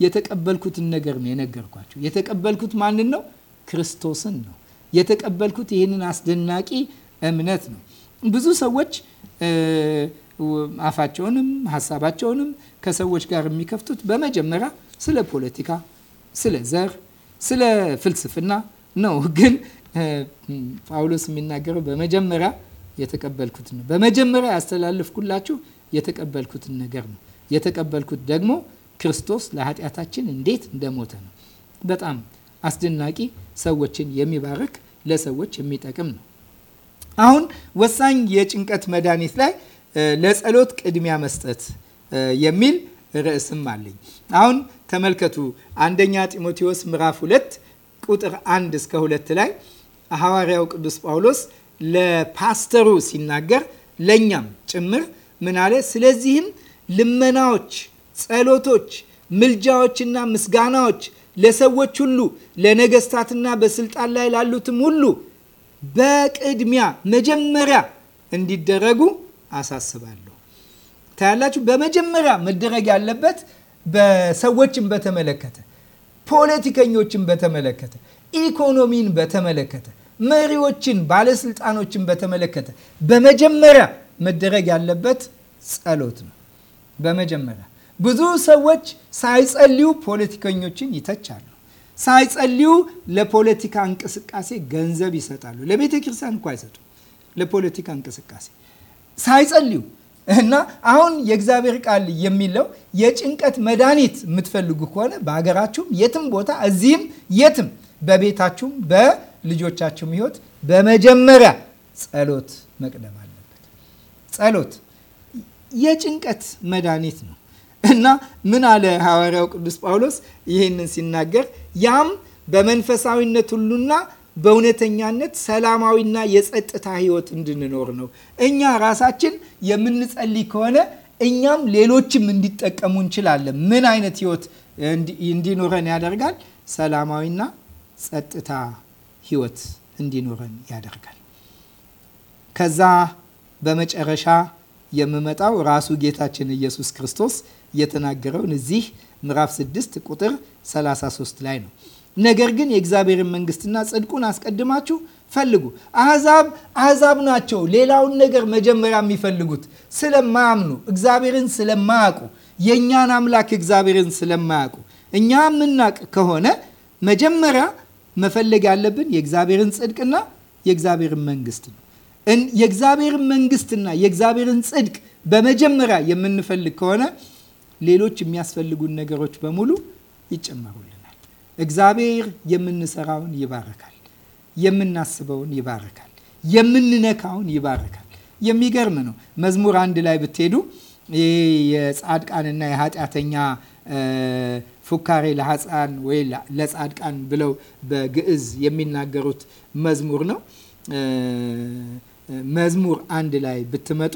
የተቀበልኩትን ነገር ነው የነገርኳቸው። የተቀበልኩት ማንን ነው? ክርስቶስን ነው የተቀበልኩት። ይህንን አስደናቂ እምነት ነው። ብዙ ሰዎች አፋቸውንም ሀሳባቸውንም ከሰዎች ጋር የሚከፍቱት በመጀመሪያ ስለ ፖለቲካ፣ ስለ ዘር፣ ስለ ፍልስፍና ነው። ግን ጳውሎስ የሚናገረው በመጀመሪያ የተቀበልኩት ነው። በመጀመሪያ ያስተላለፍኩላችሁ የተቀበልኩትን ነገር ነው። የተቀበልኩት ደግሞ ክርስቶስ ለኃጢአታችን እንዴት እንደሞተ ነው። በጣም አስደናቂ ሰዎችን የሚባርክ ለሰዎች የሚጠቅም ነው። አሁን ወሳኝ የጭንቀት መድኃኒት ላይ ለጸሎት ቅድሚያ መስጠት የሚል ርዕስም አለኝ። አሁን ተመልከቱ አንደኛ ጢሞቴዎስ ምዕራፍ ሁለት ቁጥር አንድ እስከ ሁለት ላይ ሐዋርያው ቅዱስ ጳውሎስ ለፓስተሩ ሲናገር ለእኛም ጭምር ምን አለ? ስለዚህም ልመናዎች፣ ጸሎቶች፣ ምልጃዎችና ምስጋናዎች ለሰዎች ሁሉ ለነገስታትና በስልጣን ላይ ላሉትም ሁሉ በቅድሚያ መጀመሪያ እንዲደረጉ አሳስባለሁ። ታያላችሁ፣ በመጀመሪያ መደረግ ያለበት በሰዎችን በተመለከተ ፖለቲከኞችን በተመለከተ ኢኮኖሚን በተመለከተ መሪዎችን፣ ባለስልጣኖችን በተመለከተ በመጀመሪያ መደረግ ያለበት ጸሎት ነው። በመጀመሪያ ብዙ ሰዎች ሳይጸልዩ ፖለቲከኞችን ይተቻሉ። ሳይጸልዩ ለፖለቲካ እንቅስቃሴ ገንዘብ ይሰጣሉ። ለቤተ ክርስቲያን እንኳ አይሰጡ፣ ለፖለቲካ እንቅስቃሴ ሳይጸልዩ እና አሁን የእግዚአብሔር ቃል የሚለው የጭንቀት መድኃኒት የምትፈልጉ ከሆነ በሀገራችሁም የትም ቦታ እዚህም የትም በቤታችሁም በልጆቻችሁም ህይወት በመጀመሪያ ጸሎት መቅደም አለበት። ጸሎት የጭንቀት መድኃኒት ነው እና ምን አለ ሐዋርያው ቅዱስ ጳውሎስ ይህንን ሲናገር ያም በመንፈሳዊነት ሁሉና በእውነተኛነት ሰላማዊና የጸጥታ ህይወት እንድንኖር ነው። እኛ ራሳችን የምንጸልይ ከሆነ እኛም ሌሎችም እንዲጠቀሙ እንችላለን። ምን አይነት ህይወት እንዲኖረን ያደርጋል? ሰላማዊና ጸጥታ ህይወት እንዲኖረን ያደርጋል። ከዛ በመጨረሻ የምመጣው ራሱ ጌታችን ኢየሱስ ክርስቶስ የተናገረውን እዚህ ምዕራፍ 6 ቁጥር 33 ላይ ነው። ነገር ግን የእግዚአብሔርን መንግስትና ጽድቁን አስቀድማችሁ ፈልጉ። አህዛብ አህዛብ ናቸው። ሌላውን ነገር መጀመሪያ የሚፈልጉት ስለማያምኑ፣ እግዚአብሔርን ስለማያውቁ፣ የእኛን አምላክ እግዚአብሔርን ስለማያውቁ እኛ የምናውቅ ከሆነ መጀመሪያ መፈለግ ያለብን የእግዚአብሔርን ጽድቅና የእግዚአብሔርን መንግስት ነው። የእግዚአብሔርን መንግስትና የእግዚአብሔርን ጽድቅ በመጀመሪያ የምንፈልግ ከሆነ ሌሎች የሚያስፈልጉን ነገሮች በሙሉ ይጨመሩልናል። እግዚአብሔር የምንሰራውን ይባረካል፣ የምናስበውን ይባረካል፣ የምንነካውን ይባረካል። የሚገርም ነው። መዝሙር አንድ ላይ ብትሄዱ ይህ የጻድቃንና የኃጢአተኛ ፉካሬ ለሐፃን ወይ ለጻድቃን ብለው በግዕዝ የሚናገሩት መዝሙር ነው። መዝሙር አንድ ላይ ብትመጡ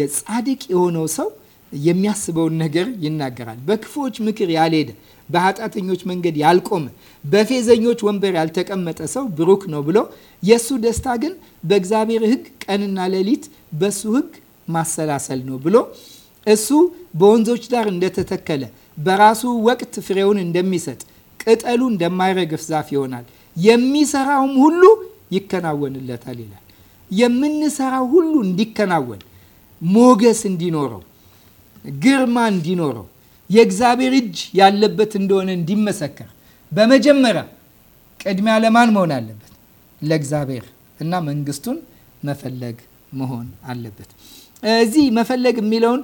የጻድቅ የሆነው ሰው የሚያስበውን ነገር ይናገራል። በክፉዎች ምክር ያልሄደ፣ በኃጢአተኞች መንገድ ያልቆመ፣ በፌዘኞች ወንበር ያልተቀመጠ ሰው ብሩክ ነው ብሎ የእሱ ደስታ ግን በእግዚአብሔር ሕግ ቀንና ሌሊት በሱ ሕግ ማሰላሰል ነው ብሎ እሱ በወንዞች ዳር እንደተተከለ በራሱ ወቅት ፍሬውን እንደሚሰጥ ቅጠሉ እንደማይረግፍ ዛፍ ይሆናል፣ የሚሰራውም ሁሉ ይከናወንለታል ይላል። የምንሰራው ሁሉ እንዲከናወን፣ ሞገስ እንዲኖረው፣ ግርማ እንዲኖረው፣ የእግዚአብሔር እጅ ያለበት እንደሆነ እንዲመሰከር በመጀመሪያ ቅድሚያ ለማን መሆን አለበት? ለእግዚአብሔር እና መንግስቱን መፈለግ መሆን አለበት። እዚህ መፈለግ የሚለውን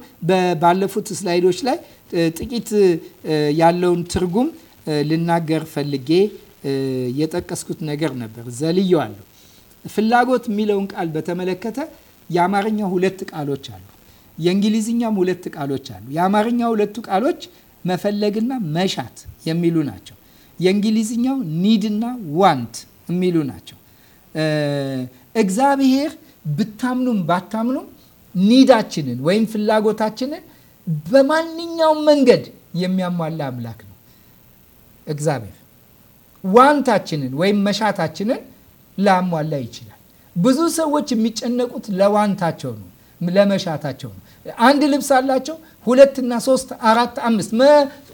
ባለፉት ስላይዶች ላይ ጥቂት ያለውን ትርጉም ልናገር ፈልጌ የጠቀስኩት ነገር ነበር። ዘልየዋለሁ። ፍላጎት የሚለውን ቃል በተመለከተ የአማርኛ ሁለት ቃሎች አሉ፣ የእንግሊዝኛም ሁለት ቃሎች አሉ። የአማርኛ ሁለቱ ቃሎች መፈለግና መሻት የሚሉ ናቸው። የእንግሊዝኛው ኒድና ዋንት የሚሉ ናቸው። እግዚአብሔር ብታምኑም ባታምኑም ኒዳችንን ወይም ፍላጎታችንን በማንኛውም መንገድ የሚያሟላ አምላክ ነው እግዚአብሔር። ዋንታችንን ወይም መሻታችንን ላሟላ ይችላል። ብዙ ሰዎች የሚጨነቁት ለዋንታቸው ነው፣ ለመሻታቸው ነው። አንድ ልብስ አላቸው፣ ሁለትና ሶስት፣ አራት፣ አምስት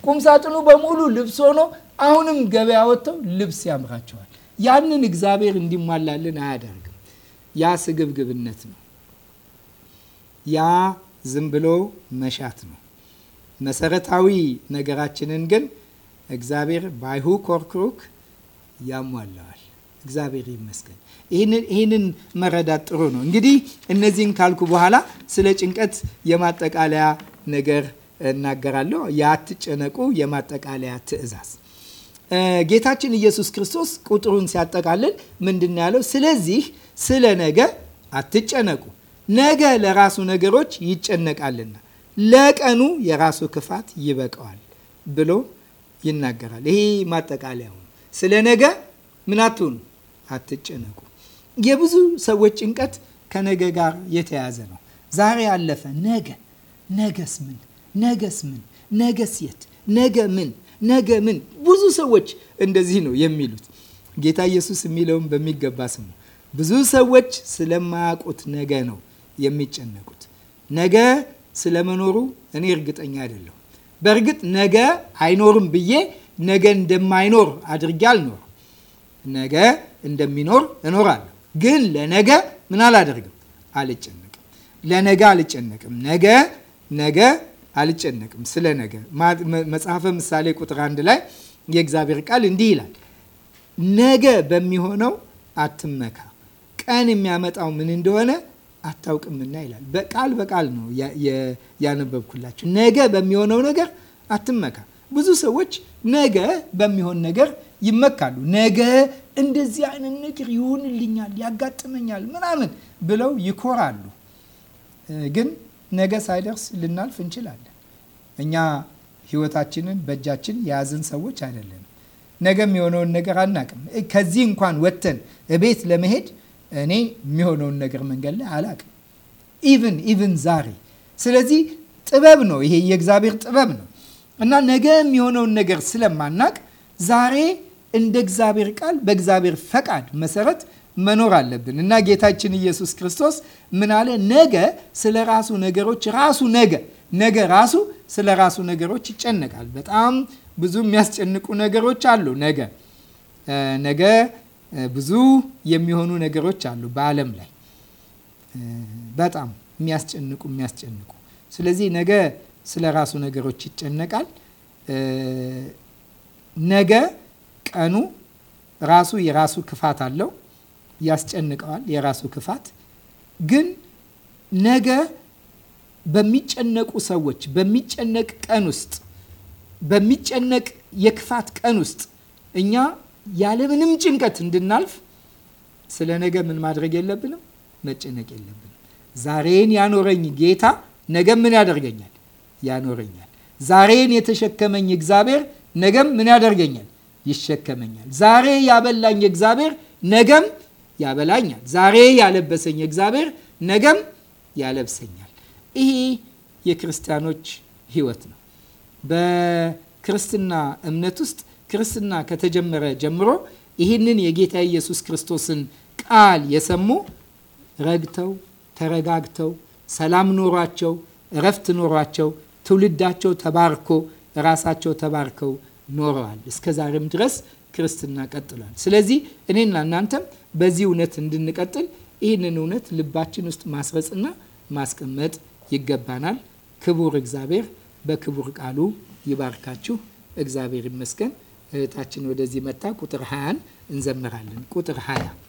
ቁምሳጥኑ በሙሉ ልብስ ሆኖ አሁንም ገበያ ወጥተው ልብስ ያምራቸዋል። ያንን እግዚአብሔር እንዲሟላልን አያደርግም። ያ ስግብግብነት ነው። ያ ዝም ብሎ መሻት ነው። መሰረታዊ ነገራችንን ግን እግዚአብሔር ባይሁ ኮርክሩክ ያሟላዋል። እግዚአብሔር ይመስገን። ይህንን መረዳት ጥሩ ነው። እንግዲህ እነዚህን ካልኩ በኋላ ስለ ጭንቀት የማጠቃለያ ነገር እናገራለሁ። የአትጨነቁ የማጠቃለያ ትእዛዝ ጌታችን ኢየሱስ ክርስቶስ ቁጥሩን ሲያጠቃልል ምንድን ያለው? ስለዚህ ስለ ነገ አትጨነቁ ነገ ለራሱ ነገሮች ይጨነቃልና ለቀኑ የራሱ ክፋት ይበቀዋል ብሎ ይናገራል። ይሄ ማጠቃለያ ነው። ስለ ነገ ምን አትጨነቁ። የብዙ ሰዎች ጭንቀት ከነገ ጋር የተያያዘ ነው። ዛሬ አለፈ፣ ነገ ነገስ ምን ነገስ ምን ነገስ የት ነገ ምን ነገ ምን። ብዙ ሰዎች እንደዚህ ነው የሚሉት። ጌታ ኢየሱስ የሚለውን በሚገባ ስሙ። ብዙ ሰዎች ስለማያውቁት ነገ ነው የሚጨነቁት። ነገ ስለመኖሩ እኔ እርግጠኛ አይደለሁ በእርግጥ ነገ አይኖርም ብዬ ነገ እንደማይኖር አድርጌ አልኖር። ነገ እንደሚኖር እኖራለሁ። ግን ለነገ ምን አላደርግም፣ አልጨነቅም። ለነገ አልጨነቅም። ነገ ነገ አልጨነቅም ስለ ነገ። መጽሐፈ ምሳሌ ቁጥር አንድ ላይ የእግዚአብሔር ቃል እንዲህ ይላል፣ ነገ በሚሆነው አትመካ፣ ቀን የሚያመጣው ምን እንደሆነ አታውቅምና ይላል። በቃል በቃል ነው ያነበብኩላችሁ። ነገ በሚሆነው ነገር አትመካ። ብዙ ሰዎች ነገ በሚሆን ነገር ይመካሉ። ነገ እንደዚህ አይነት ነገር ይሆንልኛል፣ ያጋጥመኛል ምናምን ብለው ይኮራሉ። ግን ነገ ሳይደርስ ልናልፍ እንችላለን። እኛ ህይወታችንን በእጃችን የያዝን ሰዎች አይደለንም። ነገ የሚሆነውን ነገር አናቅም። ከዚህ እንኳን ወጥተን እቤት ለመሄድ እኔ የሚሆነውን ነገር መንገድ ላይ አላቅም። ኢቭን ኢቭን ዛሬ። ስለዚህ ጥበብ ነው ይሄ የእግዚአብሔር ጥበብ ነው እና ነገ የሚሆነውን ነገር ስለማናቅ ዛሬ እንደ እግዚአብሔር ቃል በእግዚአብሔር ፈቃድ መሰረት መኖር አለብን እና ጌታችን ኢየሱስ ክርስቶስ ምን አለ? ነገ ስለ ራሱ ነገሮች ራሱ ነገ ነገ ራሱ ስለ ራሱ ነገሮች ይጨነቃል። በጣም ብዙ የሚያስጨንቁ ነገሮች አሉ። ነገ ነገ ብዙ የሚሆኑ ነገሮች አሉ በዓለም ላይ በጣም የሚያስጨንቁ የሚያስጨንቁ። ስለዚህ ነገ ስለ ራሱ ነገሮች ይጨነቃል። ነገ ቀኑ ራሱ የራሱ ክፋት አለው፣ ያስጨንቀዋል። የራሱ ክፋት ግን ነገ በሚጨነቁ ሰዎች በሚጨነቅ ቀን ውስጥ በሚጨነቅ የክፋት ቀን ውስጥ እኛ ያለምንም ጭንቀት እንድናልፍ ስለ ነገ ምን ማድረግ የለብንም፣ መጨነቅ የለብንም። ዛሬን ያኖረኝ ጌታ ነገም ምን ያደርገኛል? ያኖረኛል። ዛሬን የተሸከመኝ እግዚአብሔር ነገም ምን ያደርገኛል? ይሸከመኛል። ዛሬ ያበላኝ እግዚአብሔር ነገም ያበላኛል። ዛሬ ያለበሰኝ እግዚአብሔር ነገም ያለብሰኛል። ይሄ የክርስቲያኖች ህይወት ነው። በክርስትና እምነት ውስጥ ክርስትና ከተጀመረ ጀምሮ ይህንን የጌታ ኢየሱስ ክርስቶስን ቃል የሰሙ ረግተው ተረጋግተው ሰላም ኖሯቸው እረፍት ኖሯቸው ትውልዳቸው ተባርኮ ራሳቸው ተባርከው ኖረዋል። እስከ ዛሬም ድረስ ክርስትና ቀጥሏል። ስለዚህ እኔና እናንተም በዚህ እውነት እንድንቀጥል ይህንን እውነት ልባችን ውስጥ ማስረጽና ማስቀመጥ ይገባናል። ክቡር እግዚአብሔር በክቡር ቃሉ ይባርካችሁ። እግዚአብሔር ይመስገን። እህታችን ወደዚህ መታ ቁጥር 20 እንዘምራለን። ቁጥር 20